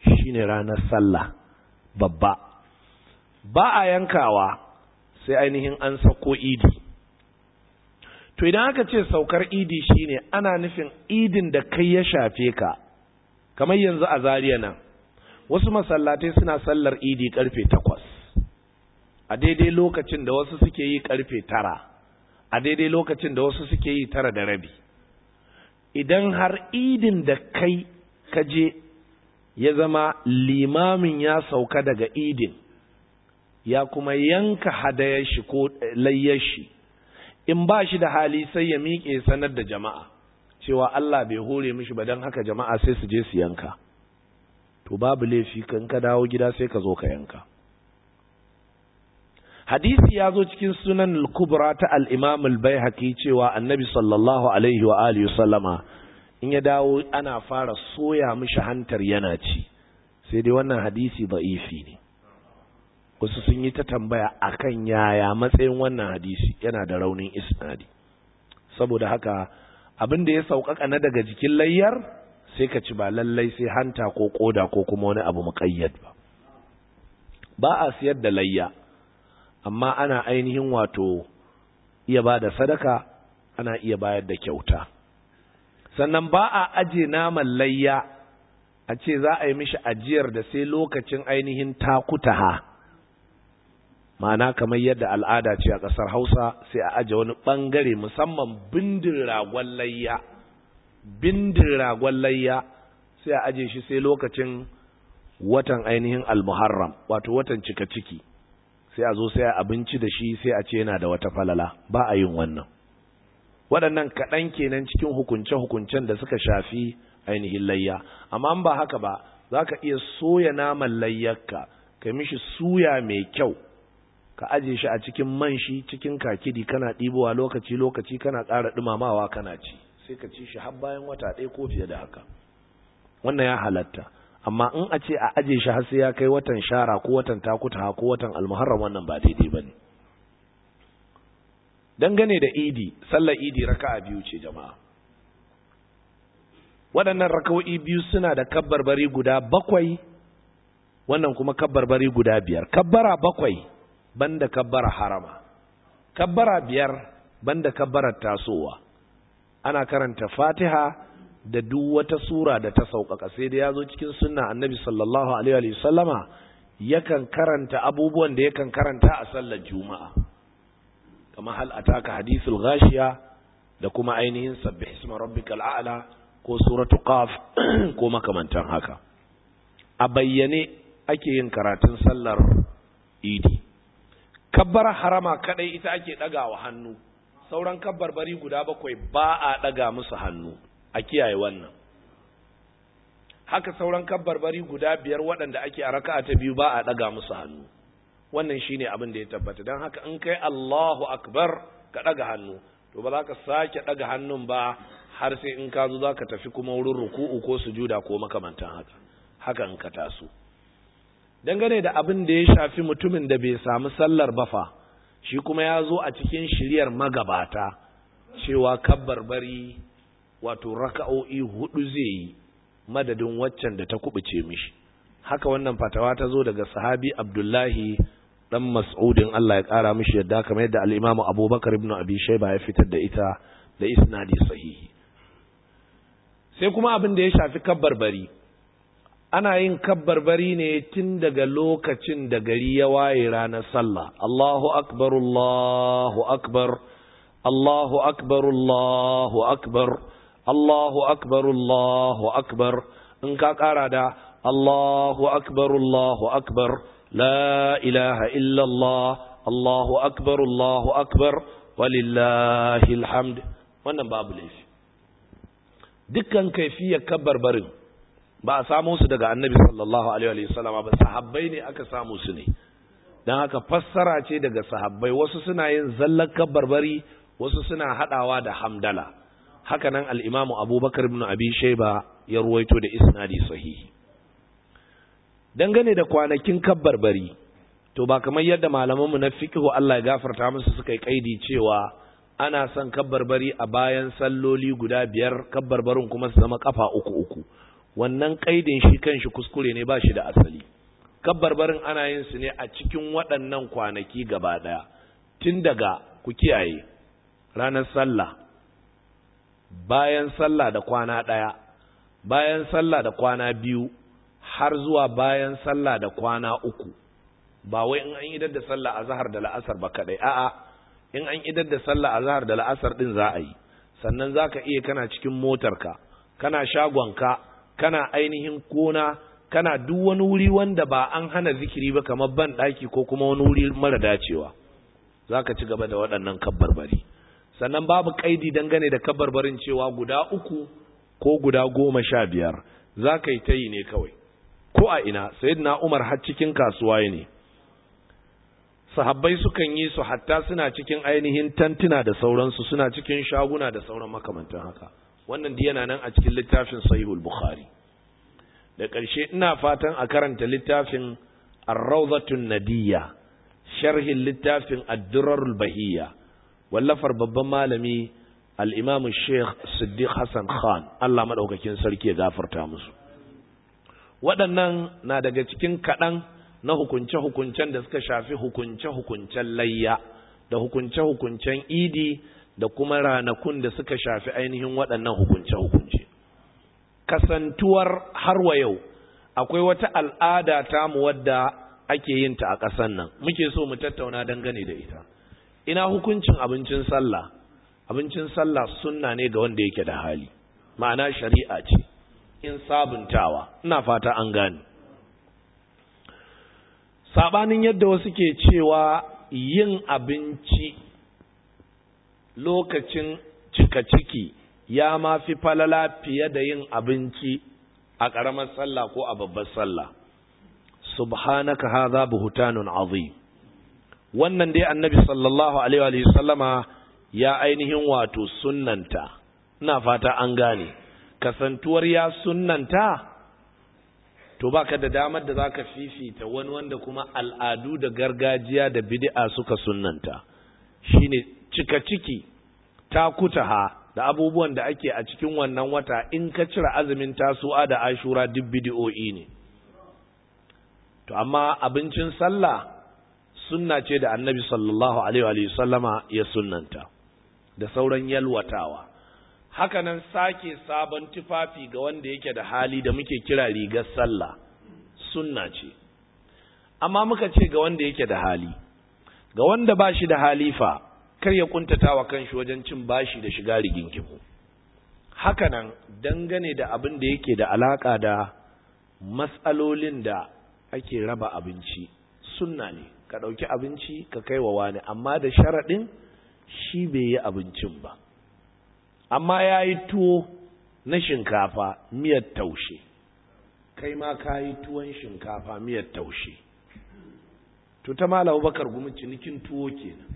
shine ranar sallah babba ba a yankawa sai ainihin an sauko idi to idan aka ce saukar idi shine ana nufin idin da kai ya shafe ka kamar yanzu a zariya nan wasu masallatai suna sallar idi karfe takwas a daidai lokacin da wasu suke yi karfe tara a daidai lokacin da wasu suke yi tara da rabi idan har idin da kai ka je ya zama limamin ya sauka daga idin ya kuma yanka hadayar shi ko eh, layyar shi in ba shi da hali sai ya miƙe sanar da jama'a cewa Allah bai hore mishi ba don haka jama'a sai su je su yanka to babu laifi kan ka dawo gida sai ka zo ka yanka hadisi ya zo cikin sunan al-kubra ta al-imam al-baihaqi cewa annabi sallallahu alaihi wa alihi sallama in ya dawo ana fara soya mishi hantar yana ci sai dai wannan hadisi da'ifi ne wasu sun yi ta tambaya a kan yaya matsayin wannan hadisi yana da raunin isnadi saboda haka abin da ya sauƙaƙa na daga jikin layyar sai ka ci ba lallai sai hanta ko koda ko kuma wani abu muƙayyad ba ba a siyar da layya amma ana ainihin wato iya ba da sadaka ana iya bayar da kyauta sannan ba a aje naman layya a ce za a yi mishi ajiyar da sai lokacin ainihin takutaha ma'ana kamar yadda al'ada ce a ƙasar hausa sai a aje wani ɓangare musamman bindin ragon layya bindin ragon layya sai a aje shi sai lokacin watan ainihin almuharram wato watan cika ciki sai a zo sai a abinci da shi sai a ce yana da wata falala ba a yin wannan waɗannan kaɗan kenan cikin hukunce-hukuncen da suka shafi ainihin layya amma ba haka ba za ka iya soya naman layyarka ka mishi suya mai kyau ka aje shi a cikin man shi cikin kakidi kana ɗibowa lokaci lokaci kana ƙara ɗumamawa kana ci sai ka ci shi har bayan wata ɗaya ko fiye da haka wannan ya halatta amma in a ce a aje shi har sai ya kai watan shara ko watan takuta ko watan almuharram wannan ba daidai ba ne. dangane da idi sallar idi raka'a biyu ce jama'a waɗannan raka'o'i biyu suna da bari guda bakwai wannan kuma kabbar bari guda biyar kabbara bakwai banda kabbara harama kabbara biyar banda kabbarar tasowa ana karanta fatiha da duk wata sura da ta sauƙaƙa sai da ya zo cikin sunna annabi sallallahu alaihi wasallama yakan karanta abubuwan da yakan karanta a sallar juma'a kamar hal ataka hadithul ghashiya da kuma ainihin sabbih isma rabbikal a'la ko suratu qaf ko makamantan haka a bayyane ake yin karatun sallar idi kabbar harama kadai ita ake wa hannu sauran kabbar bari guda bakwai ba a ɗaga musu hannu a kiyaye wannan haka sauran kabbar bari guda biyar waɗanda ake a raka'a ta biyu ba a ɗaga musu hannu wannan shine abin da ya tabbata dan haka in kai Allahu akbar ka ɗaga hannu to ba za ka sake ɗaga hannun ba har sai in ka zo za ka tafi kuma wurin ruku'u ko sujuda ko makamantan haka haka in ka taso dangane da abin da ya shafi mutumin da bai samu sallar bafa shi kuma ya zo a cikin shiryar magabata cewa kabbar bari wato raka'o'i hudu zai yi madadin waccan da ta kubuce mishi haka wannan fatawa ta zo daga sahabi abdullahi dan mas'udin Allah ya kara mishi yadda kamar yadda al-imamu abubakar ibn abi shayba ya fitar da ita da isnadi sahihi sai kuma abin da ya shafi kabbar bari ana yin kabbarbari ne tun daga lokacin da gari ya waye ranar sallah Allahu akbar Allahu akbar Allahu akbar Allahu akbar Allahu akbar Allahu akbar in ka kara da Allahu akbar Allahu akbar la ilaha illallah. Allahu akbar Allahu akbar walillahi alhamd wannan babu laifi dukkan kaifiyar kabbarbarin ba a samu su daga annabi sallallahu alaihi wa sallam ba sahabbai ne aka samu su ne dan haka fassara ce daga sahabbai wasu suna yin zallar barbari wasu suna hadawa da hamdala haka nan al-imamu abubakar ibn abi shayba ya ruwaito da isnadi sahihi dangane da kwanakin kabbarbari to ba kamar yadda malamanmu na fiqhu Allah ya gafarta musu suka yi kaidi cewa ana son kabbarbari a bayan salloli guda biyar kabbarbarin kuma su zama kafa uku uku wannan kaidin shi kanshi kuskure ne ba shi da asali kabbarbarin ana yin su ne a cikin waɗannan kwanaki gaba ɗaya tun daga ku kiyaye ranar sallah bayan sallah da kwana ɗaya bayan sallah da kwana biyu har zuwa bayan sallah da kwana uku ba wai in an idar da sallah a zahar da la'asar ba kaɗai a'a in an idar da sallah a zahar da la'asar din za a yi sannan za ka iya kana cikin motarka kana shagonka kana ainihin kona kana duk wani wuri wanda ba an hana zikiri ba kamar ban ɗaki ko kuma wani wuri mara dacewa za ka ci gaba da waɗannan kabbarbari sannan babu kaidi dangane da kabbarbarin cewa guda uku ko guda goma sha biyar za ka yi ta yi ne kawai ko a ina na umar har cikin kasuwa ne sahabbai sukan yi su hatta suna cikin ainihin tantuna da sauransu suna cikin shaguna da sauran makamantan haka wannan da yana nan a cikin littafin sahihul bukhari da ƙarshe ina fatan a karanta littafin ar-rawdatun nadiyya sharhin littafin ad-durarul bahiyya wallafar babban malami al-imam sheikh siddiq hasan khan Allah madaukakin sarki ya gafarta musu waɗannan na daga cikin kaɗan na hukunce-hukuncen da suka shafi hukunce-hukuncen layya da hukunce-hukuncen idi da kuma ranakun da suka shafi ainihin waɗannan hukunce-hukunce kasantuwar har wa yau akwai wata al'ada ta mu wadda ake yin ta a ƙasan nan muke so mu tattauna dangane da ita ina hukuncin abincin sallah abincin sallah sunna ne ga wanda yake da hali ma'ana shari'a ce in sabuntawa ina fata an gane sabanin yadda wasu ke cewa yin abinci lokacin cika ciki ya ma fi falala fiye da yin abinci a ƙaramar sallah ko a babbar sallah subhanaka haza buhutanun azim wannan dai annabi sallallahu alaihi wa sallama ya ainihin wato sunnanta ina fata an gane kasantuwar ya sunnanta to baka da damar da zaka fifita wani wanda kuma al'adu da gargajiya da bid'a suka sunnanta shine cika ciki ta kutaha da abubuwan da ake a cikin wannan wata in ka cire azumin tasu'a da ashura duk bidi'o'i ne to amma abincin sallah sunna ce da annabi sallallahu alaihi wa sallama ya sunnanta da sauran yalwatawa Haka nan sake sabon tufafi ga wanda yake da hali da muke kira rigar sallah sunna ce amma muka ce ga wanda yake da hali ga wanda ba shi da halifa kar ya kuntata wa kanshi wajen cin bashi da shiga Haka nan, dangane da abin da yake da alaka da matsalolin da ake raba abinci sunna ne ka ɗauki abinci ka kai wa wani amma da sharaɗin shi bai yi abincin ba amma ya yi tuwo na shinkafa miyar taushe kai ma ka yi tuwon shinkafa miyar taushe to ta Malam bakar gumi cinikin tuwo kenan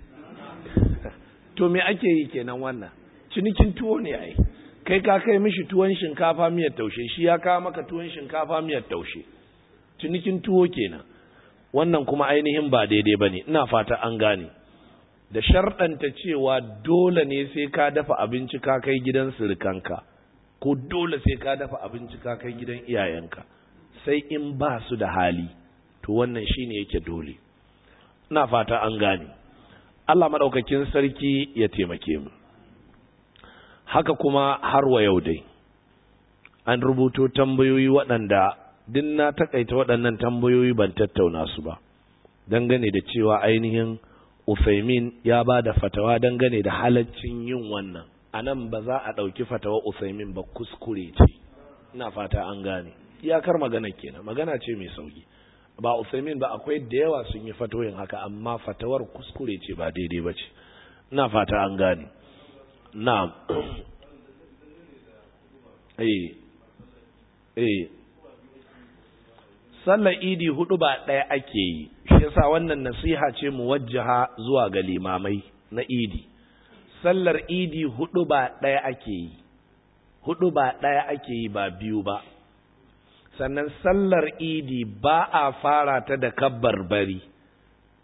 to me ake yi kenan wannan cinikin tuwo ne ai kai ka kai mishi tuwon shinkafa miyar taushe shi ya kawo maka tuwon shinkafa miyar taushe cinikin tuwo kenan wannan kuma ainihin ba daidai bane ina fata an gane da sharɗanta cewa dole ne sai ka dafa abinci ka kai gidan sirikanka ko dole sai ka dafa abinci ka kai gidan iyayenka sai in ba su da hali to wannan shine yake dole ina fata an gane Allah maɗaukakin sarki ya taimake mu haka kuma har wa yau dai an rubuto tambayoyi waɗanda din na takaita waɗannan tambayoyi ban tattauna su ba dangane da cewa ainihin Usaimin ya ba da fatawa dangane da halaccin yin wannan a nan ba za a ɗauki fatawa Usaimin ba kuskure ce ina fata an gane iyakar magana kenan magana ce mai sauki ba Usaimin ba akwai da yawa sun yi fatoyin haka amma fatawar kuskure ce ba daidai ba ce na fata an gani. na eh eh sallar idi hudu ba ɗaya ake yi shi yasa wannan nasiha ce mu wajjaha zuwa ga limamai na idi sallar idi hudu ba ɗaya ake yi hudu ba ɗaya ake yi ba biyu ba sannan sallar idi ba a fara ta da kabbar bari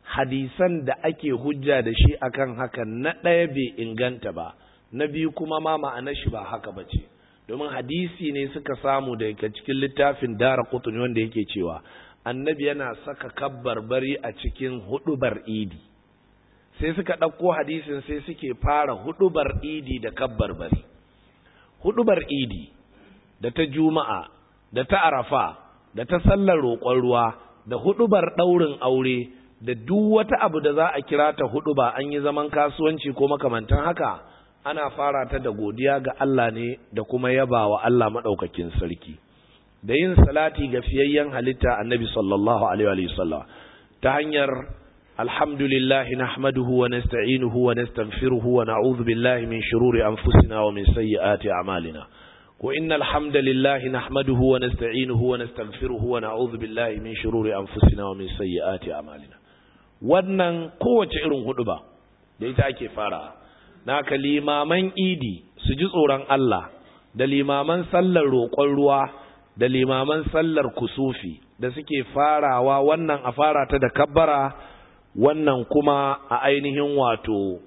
hadisan da ake hujja da shi akan haka na ɗaya bai inganta ba na biyu kuma ma ma'anar shi ba haka ba ce domin hadisi ne suka samu daga cikin littafin dara kutuni wanda yake cewa annabi yana saka kabbar bari a cikin hudubar idi sai suka ɗauko hadisin sai suke fara hudubar idi da kabbar bari hudubar idi da ta juma'a da ta arafa da ta sallar roƙon ruwa da huɗubar ɗaurin aure da duk wata abu da za a kira ta huɗuba an yi zaman kasuwanci ko makamantan haka ana fara ta da godiya ga Allah ne da kuma yaba wa Allah maɗaukakin sarki da yin salati ga fiyayyen halitta annabi sallallahu alaihi wa sallam ta hanyar alhamdulillahi nahmaduhu wa nasta'inuhu wa nastaghfiruhu wa na'udhu billahi min shururi anfusina wa min sayyiati a'malina وإن الحمد لله نحمده ونستعينه ونستغفره ونعوذ بالله من شرور أنفسنا ومن سيئات أعمالنا wannan kowace irin hudu ba da ita ake fara naka limaman idi su ji tsoron Allah da limaman sallar roƙon ruwa da limaman sallar kusufi da suke farawa wannan a fara ta da kabbara wannan kuma a ainihin wato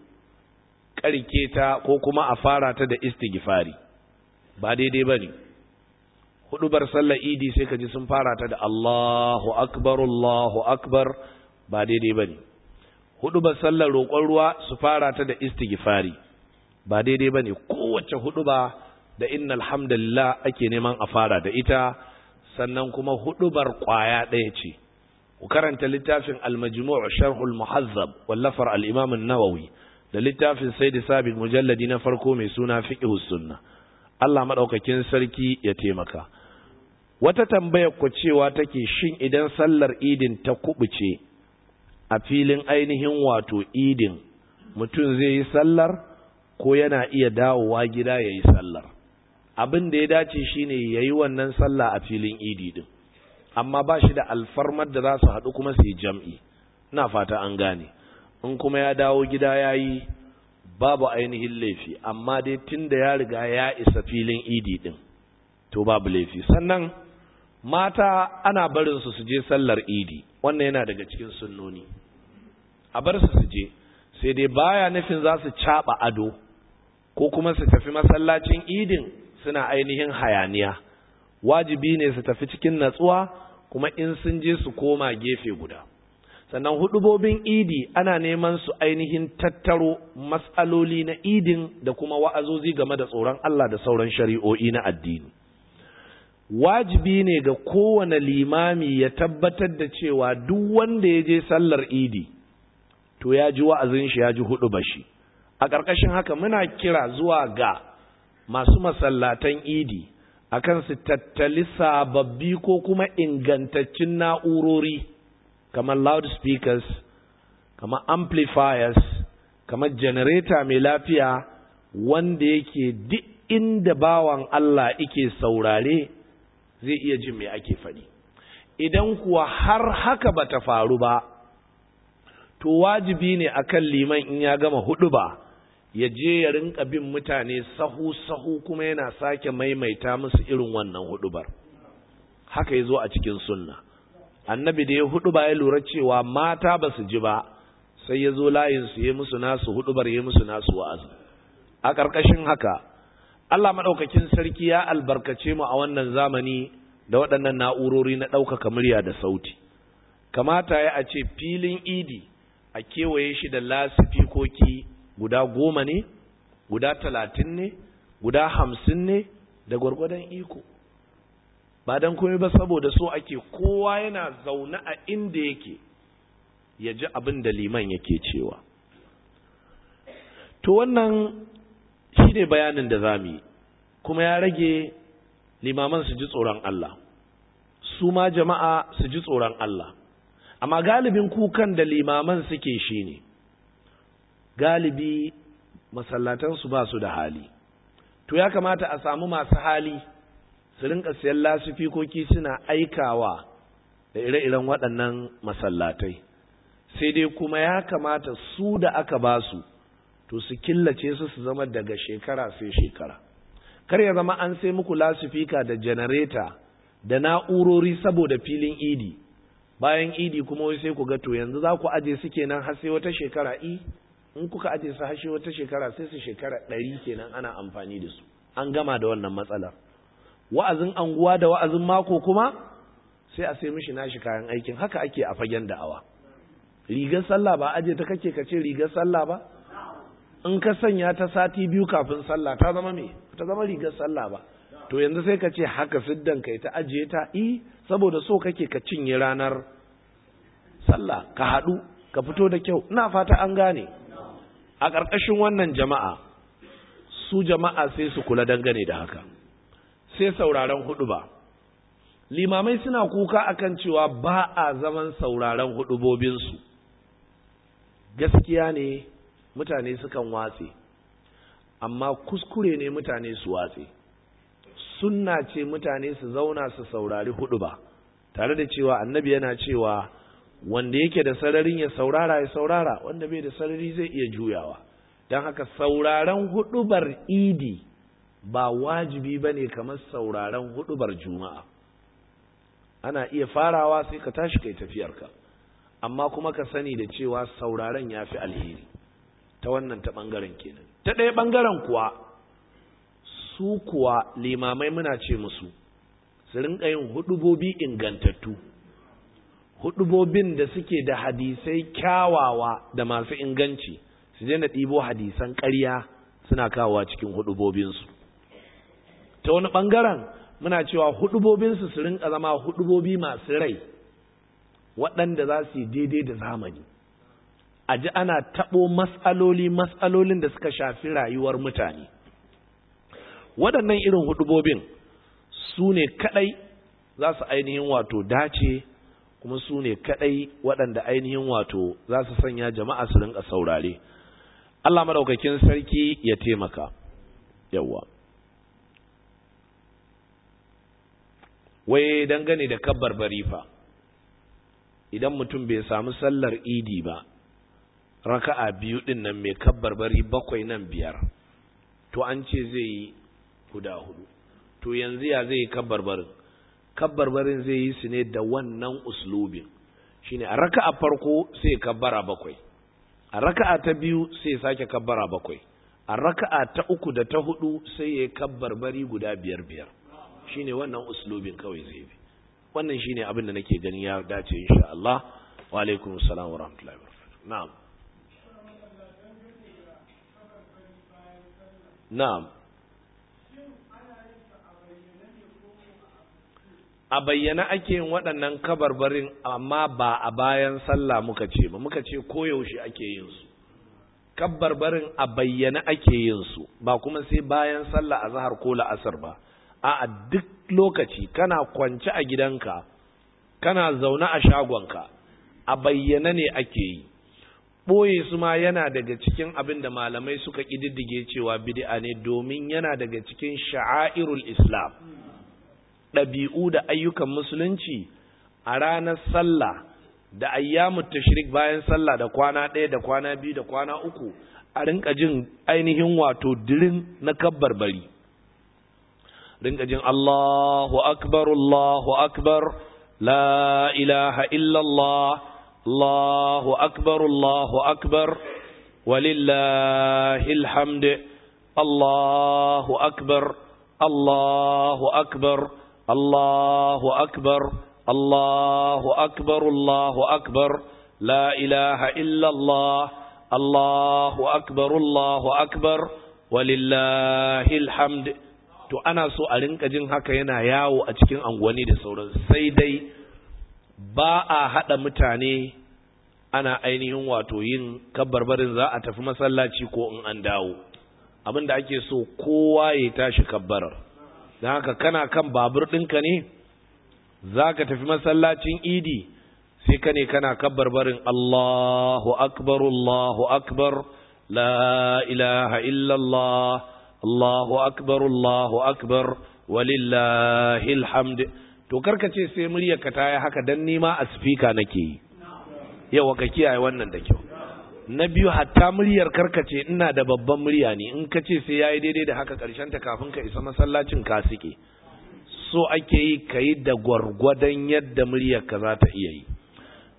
ƙarke ta ko kuma a fara ta da istighfari ba daidai ba ne bar sallar idi sai ka ji sun fara ta da Allahu akbar Allahu akbar ba daidai ba ne bar sallar roƙon ruwa su fara ta da istighfari ba daidai ba ne kowace huɗuba da inna alhamdulillah ake neman a fara da ita sannan kuma huɗubar ƙwaya ɗaya ce ku karanta littafin al sharhul muhazzab wallafar al-imam an-nawawi da littafin sayyid sabit mujalladi na farko mai suna fiqhus sunna Allah maɗaukakin sarki ya taimaka wata tambayar ku cewa take shin idan sallar idin ta kubuce a filin ainihin wato idin mutum zai yi sallar ko yana iya dawowa gida ya yi sallar abin da ya dace shine ya yi wannan sallah a filin idi din amma ba shi da alfarmar da za su haɗu kuma su yi jam'i na fata an gane in kuma ya dawo gida ya yi babu ainihin laifi amma dai tunda ya riga ya isa filin idi din to babu laifi sannan mata ana barin su su je sallar idi wannan yana daga cikin sunnoni a bar su su je sai dai baya nufin za su caba ado ko kuma su tafi masallacin idin suna ainihin hayaniya wajibi ne su tafi cikin natsuwa kuma in sun je su koma gefe guda sannan hudubobin idi ana neman su ainihin tattaro matsaloli na idin da kuma wa'azozi game da tsoron Allah da sauran shari'o'i na addini wajibi ne ga kowane limami ya tabbatar da cewa duk wanda ya je sallar idi to ya ji wa'azin shi ya ji ba shi a ƙarƙashin haka muna kira zuwa ga masu masallatan idi akan su tattali sababbi ko kuma ingantaccen na'urori kamar loudspeakers kamar amplifiers kamar generator mai lafiya wanda yake duk inda bawan Allah ike saurare zai iya jin mai ake faɗi idan kuwa har haka ba ta faru ba to wajibi ne akan liman in ya gama hudu ba ya je ya rinka bin mutane sahu sahu kuma yana sake maimaita musu irin wannan hudubar haka ya zo a cikin sunna annabi da ya hudu ba ya lura cewa mata ba su ji ba sai ya zo layin su yi musu nasu hudubar yi musu nasu wa'azi a ƙarƙashin haka Allah maɗaukakin sarki ya albarkace mu a wannan zamani da waɗannan na'urori na ɗaukaka murya da sauti kamata ya a ce filin idi a kewaye shi da lasifikoki guda goma ne guda talatin ne guda hamsin ne da gwargwadon iko ba dan komai ba saboda so ake kowa yana zaune a inda yake ya ji abin da liman yake cewa to wannan shi ne bayanin da za yi kuma ya rage limaman su ji tsoron Allah su ma jama'a su ji tsoron Allah amma galibin kukan da limaman suke shi ne, galibi masallatansu ba su da hali to ya kamata a samu masu hali su rinka siyan lasifikoki suna aikawa da ire-iren waɗannan masallatai sai dai kuma ya kamata su da aka ba su to su killace su su zama daga shekara sai shekara kar ya zama an sai muku lasifika da janareta da na'urori saboda filin idi bayan idi kuma wai sai ku ga to yanzu za ku aje su kenan har sai wata shekara i eh, in kuka aje su har sai wata shekara sai su shekara ɗari kenan ana amfani da su an gama da wannan matsalar wa'azin anguwa da wa'azin mako kuma sai a sai mishi nashi kayan aikin haka ake a fagen da'awa rigar sallah ba aje ta kake kace rigar sallah ba in ka sanya ta sati biyu kafin sallah ta zama me ta zama rigar sallah ba to yanzu sai kace haka siddan kai ta aje ta i saboda so kake ka cinye ranar sallah ka haɗu ka fito da kyau ina fata an gane a ƙarƙashin wannan jama'a su jama'a sai su kula dangane da haka sai sauraron huduba limamai suna kuka akan cewa ba a zaman sauraron hudubobinsu gaskiya ne mutane sukan watse amma kuskure ne mutane su watse sunna ce mutane su zauna su saurari huduba tare da cewa annabi yana cewa wanda yake da sararin ya saurara ya saurara wanda bai da sarari zai iya juyawa don haka sauraron hudubar idi ba wajibi ba ne kamar sauraron hudubar juma'a ana iya farawa sai ka tashi kai tafiyarka amma kuma ka sani da cewa sauraron ya fi alheri ta wannan ta ɓangaren kenan ta ɗaya ɓangaren kuwa su kuwa limamai muna ce musu su rinƙa yin hudubobi ingantattu hudubobin da suke da hadisai kyawawa da masu inganci su je ɗibo hadisan ƙarya suna kawowa cikin hudubobinsu ta wani ɓangaren muna cewa hudubobinsu su rinƙa zama huɗubobi masu rai waɗanda za su yi daidai da zamani a ji ana taɓo matsaloli matsalolin da suka shafi rayuwar mutane waɗannan irin huɗubobin su ne kaɗai za su ainihin wato dace kuma su ne kaɗai waɗanda ainihin wato za su sanya jama'a su rinƙa saurare Allah maɗaukakin sarki ya taimaka yawwa wai dangane da kabbar fa idan mutum bai samu sallar idi ba raka'a biyu din nan mai kabbar bari bakwai nan biyar to an ce zai yi guda hudu to yanzu ya zai yi kabbar barin kabbar barin zai yi su ne da wannan uslubin shine a raka'a farko sai kabbara bakwai a raka'a ta biyu sai sake kabbara bakwai a raka'a ta uku da ta hudu sai ya kabbar bari guda biyar biyar shine wannan uslubin kawai zai bi wannan shine abin da nake ganin ya dace insha Allah wa alaikum assalam wa rahmatullahi wa barakatuh na'am na'am a bayyana ake yin waɗannan kabarbarin amma ba a bayan sallah muka ce ba muka ce koyaushe ake yin su kabarbarin a bayyana ake yin su ba kuma sai bayan sallah azhar ko la'asar ba a duk lokaci kana kwance a gidanka kana zaune a shagonka a bayyana ne ake yi ɓoye su ma yana daga cikin abin da malamai suka ƙididdige cewa bid'a ne domin yana daga cikin sha'airul islam ɗabi'u da ayyukan musulunci a ranar sallah da ayyamu tashrik bayan sallah da kwana ɗaya da kwana biyu da kwana uku a rinka jin ainihin wato dirin na kabbar bari rinka jin Allahu akbar Allahu akbar la ilaha illallah Allahu akbar Allahu akbar ولله الحمد الله أكبر الله أكبر الله أكبر الله أكبر الله أكبر لا إله إلا الله الله أكبر الله أكبر ولله الحمد to ana so a rinka jin haka yana yawo a cikin unguwanni da sauran sai dai ba a haɗa mutane ana ainihin wato yin kabbarbarin za a tafi masallaci ko in an dawo abin da ake so kowa ya tashi kabbarar don haka kana kan babur ɗinka ne za ka tafi masallacin idi sai ka ne kana kabbarbarin Allahu akbar Allahu akbar la ilaha illallah Allahu akbar Allahu akbar walillahi alhamd to ce sai muryarka ta yi haka dan nima a spika nake yi yawa ka kiyaye wannan da kyau na biyu hatta muryar karka ce ina da babban murya ne in ka ce sai yayi daidai da haka karshen ta kafin ka isa masallacin ka sike so ake yi kai da gwargwadon yadda muryar ka za ta iya yi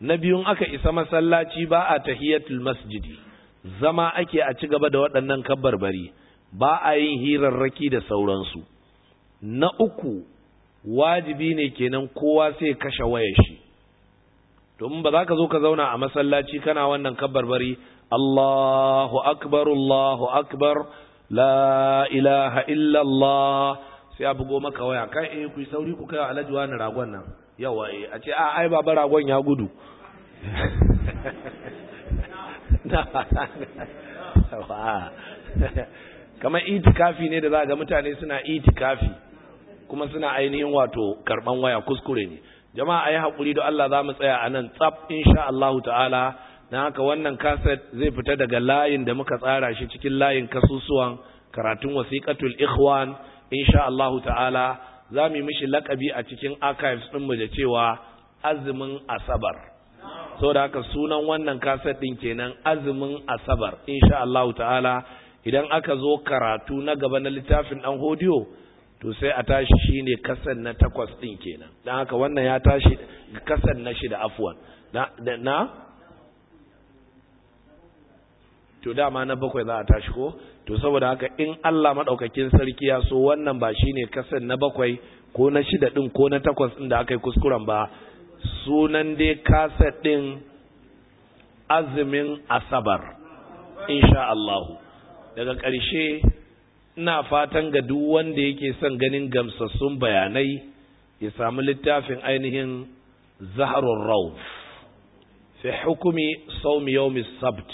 na biyun aka isa masallaci ba a tahiyatul masjidi zama ake a ci gaba da waɗannan bari ba a yin hirarraki da sauransu na uku wajibi ne kenan kowa sai kashe wayar shi domin ba za ka zo ka zauna a masallaci kana wannan kabbarbari Allahu akbar Allahu akbar la ilaha illallah sai a bugo maka waya kai eh ku sauri ku kai alaji wani ragon nan yawa eh a ce a ai baba ragon ya gudu kamar itikafi ne da za ga mutane suna itikafi kuma suna ainihin wato karban waya kuskure ne jama'a ayi hakuri don Allah za mu tsaya a nan tsaf insha Allah ta'ala na haka wannan kaset zai fita daga layin da muka tsara shi cikin layin kasusuwan karatun wasiqatul ikhwan insha Allah ta'ala za mu mishi lakabi a cikin archives din mu da cewa azumin asabar saboda haka sunan wannan kaset din kenan azumin asabar insha Allah ta'ala idan aka zo karatu na gaba na littafin dan hodiyo to sai a tashi shi ne kasan na takwas din kenan don haka wannan ya tashi kasan na shida afwan na na to dama na bakwai za a tashi ko to saboda haka in Allah maɗaukakin sarki ya so wannan ba shi ne kasan na bakwai ko na shida din ko na takwas din da aka yi kuskuren ba sunan dai kasa din azumin asabar insha Allahu daga ƙarshe ina fatan ga duk wanda yake son ganin gamsassun bayanai ya samu littafin ainihin zaharun rauf fi hukumi saumi yawmi sabt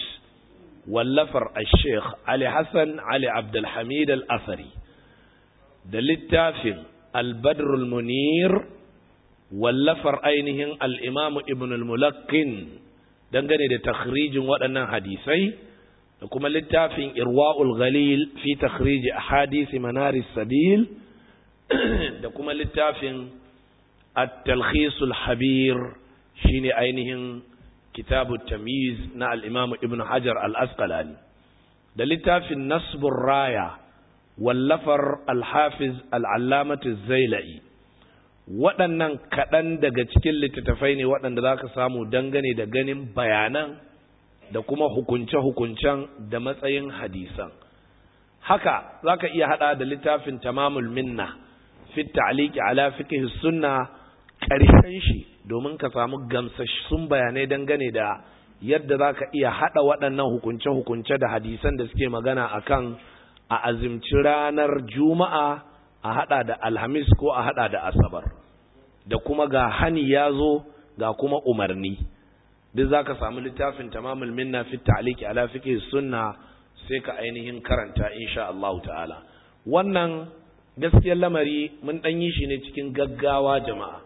wallafar al-sheikh Ali Hassan Ali Abdulhamid al-Asari da littafin albadrul badr munir wallafar ainihin al-Imam Ibn al dangane da takhrijin waɗannan hadisai da kuma littafin irwa'ul ghalil fi takhriji ahadisi manaris sabil da kuma littafin at-talkhisul habir shine ainihin kitabu tamyiz na al-imam ibn hajar al-asqalani da littafin nasbur raya wallafar al-hafiz al-allamatu zailai waɗannan kaɗan daga cikin littattafai ne waɗanda za ka samu dangane da ganin bayanan da kuma hukunce-hukuncen da matsayin hadisan haka za ka iya haɗa da littafin tamamul minna fitta aliki ala fiqh sunna ƙarshen shi domin ka samu gamsassun bayanai dangane da yadda za ka iya haɗa waɗannan hukunce-hukunce da hadisan da suke magana a kan a azimci ranar juma'a a haɗa da alhamis ko a haɗa da asabar da kuma ga hani ya zo ga kuma umarni duk ka samu littafin tamamul minna fi ta'liqi ala fiqh sunna sai ka ainihin karanta insha Allah ta'ala wannan gaskiyar lamari mun dan yi shi ne cikin gaggawa jama'a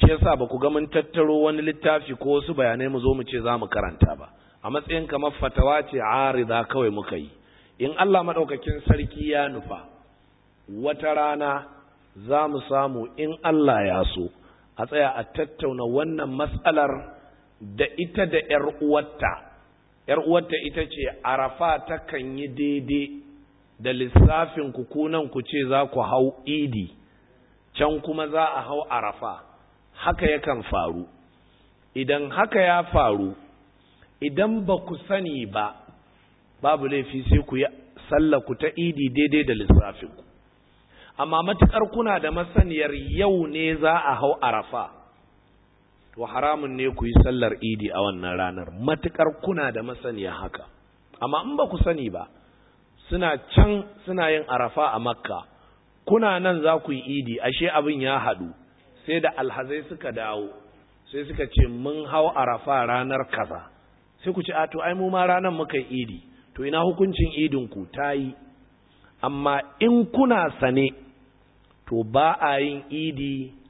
shi yasa ba ku ga mun tattaro wani littafi ko wasu bayanai mu zo mu ce za mu karanta ba a matsayin kamar fatawa ce arida kawai muka yi in Allah madaukakin sarki ya nufa wata rana za mu samu in Allah ya so a tsaya a tattauna wannan matsalar da ita da ‘yar uwarta, ‘yar uwarta ita ce, Arafa takan yi daidai da lissafin kunan ku ce za ku hau idi, can kuma za a hau Arafa, haka yakan faru. Idan haka ya faru, idan ba ku sani ba, babu laifi sai ku yi sallaku ta idi daidai da lissafinku. Amma matuƙar kuna da masaniyar yau ne za a hau Arafa. to haramun ne ku yi sallar idi a wannan ranar matukar kuna da masaniya haka amma in ba ku sani ba suna can suna yin arafa a makka kuna nan za ku yi idi ashe abin ya haɗu sai da alhazai suka dawo sai suka ce mun hau arafa ranar kaza sai ku ce a to ai mu ma ranar muka yi idi to ina hukuncin idin ku ta yi amma in kuna sane to ba a yin idi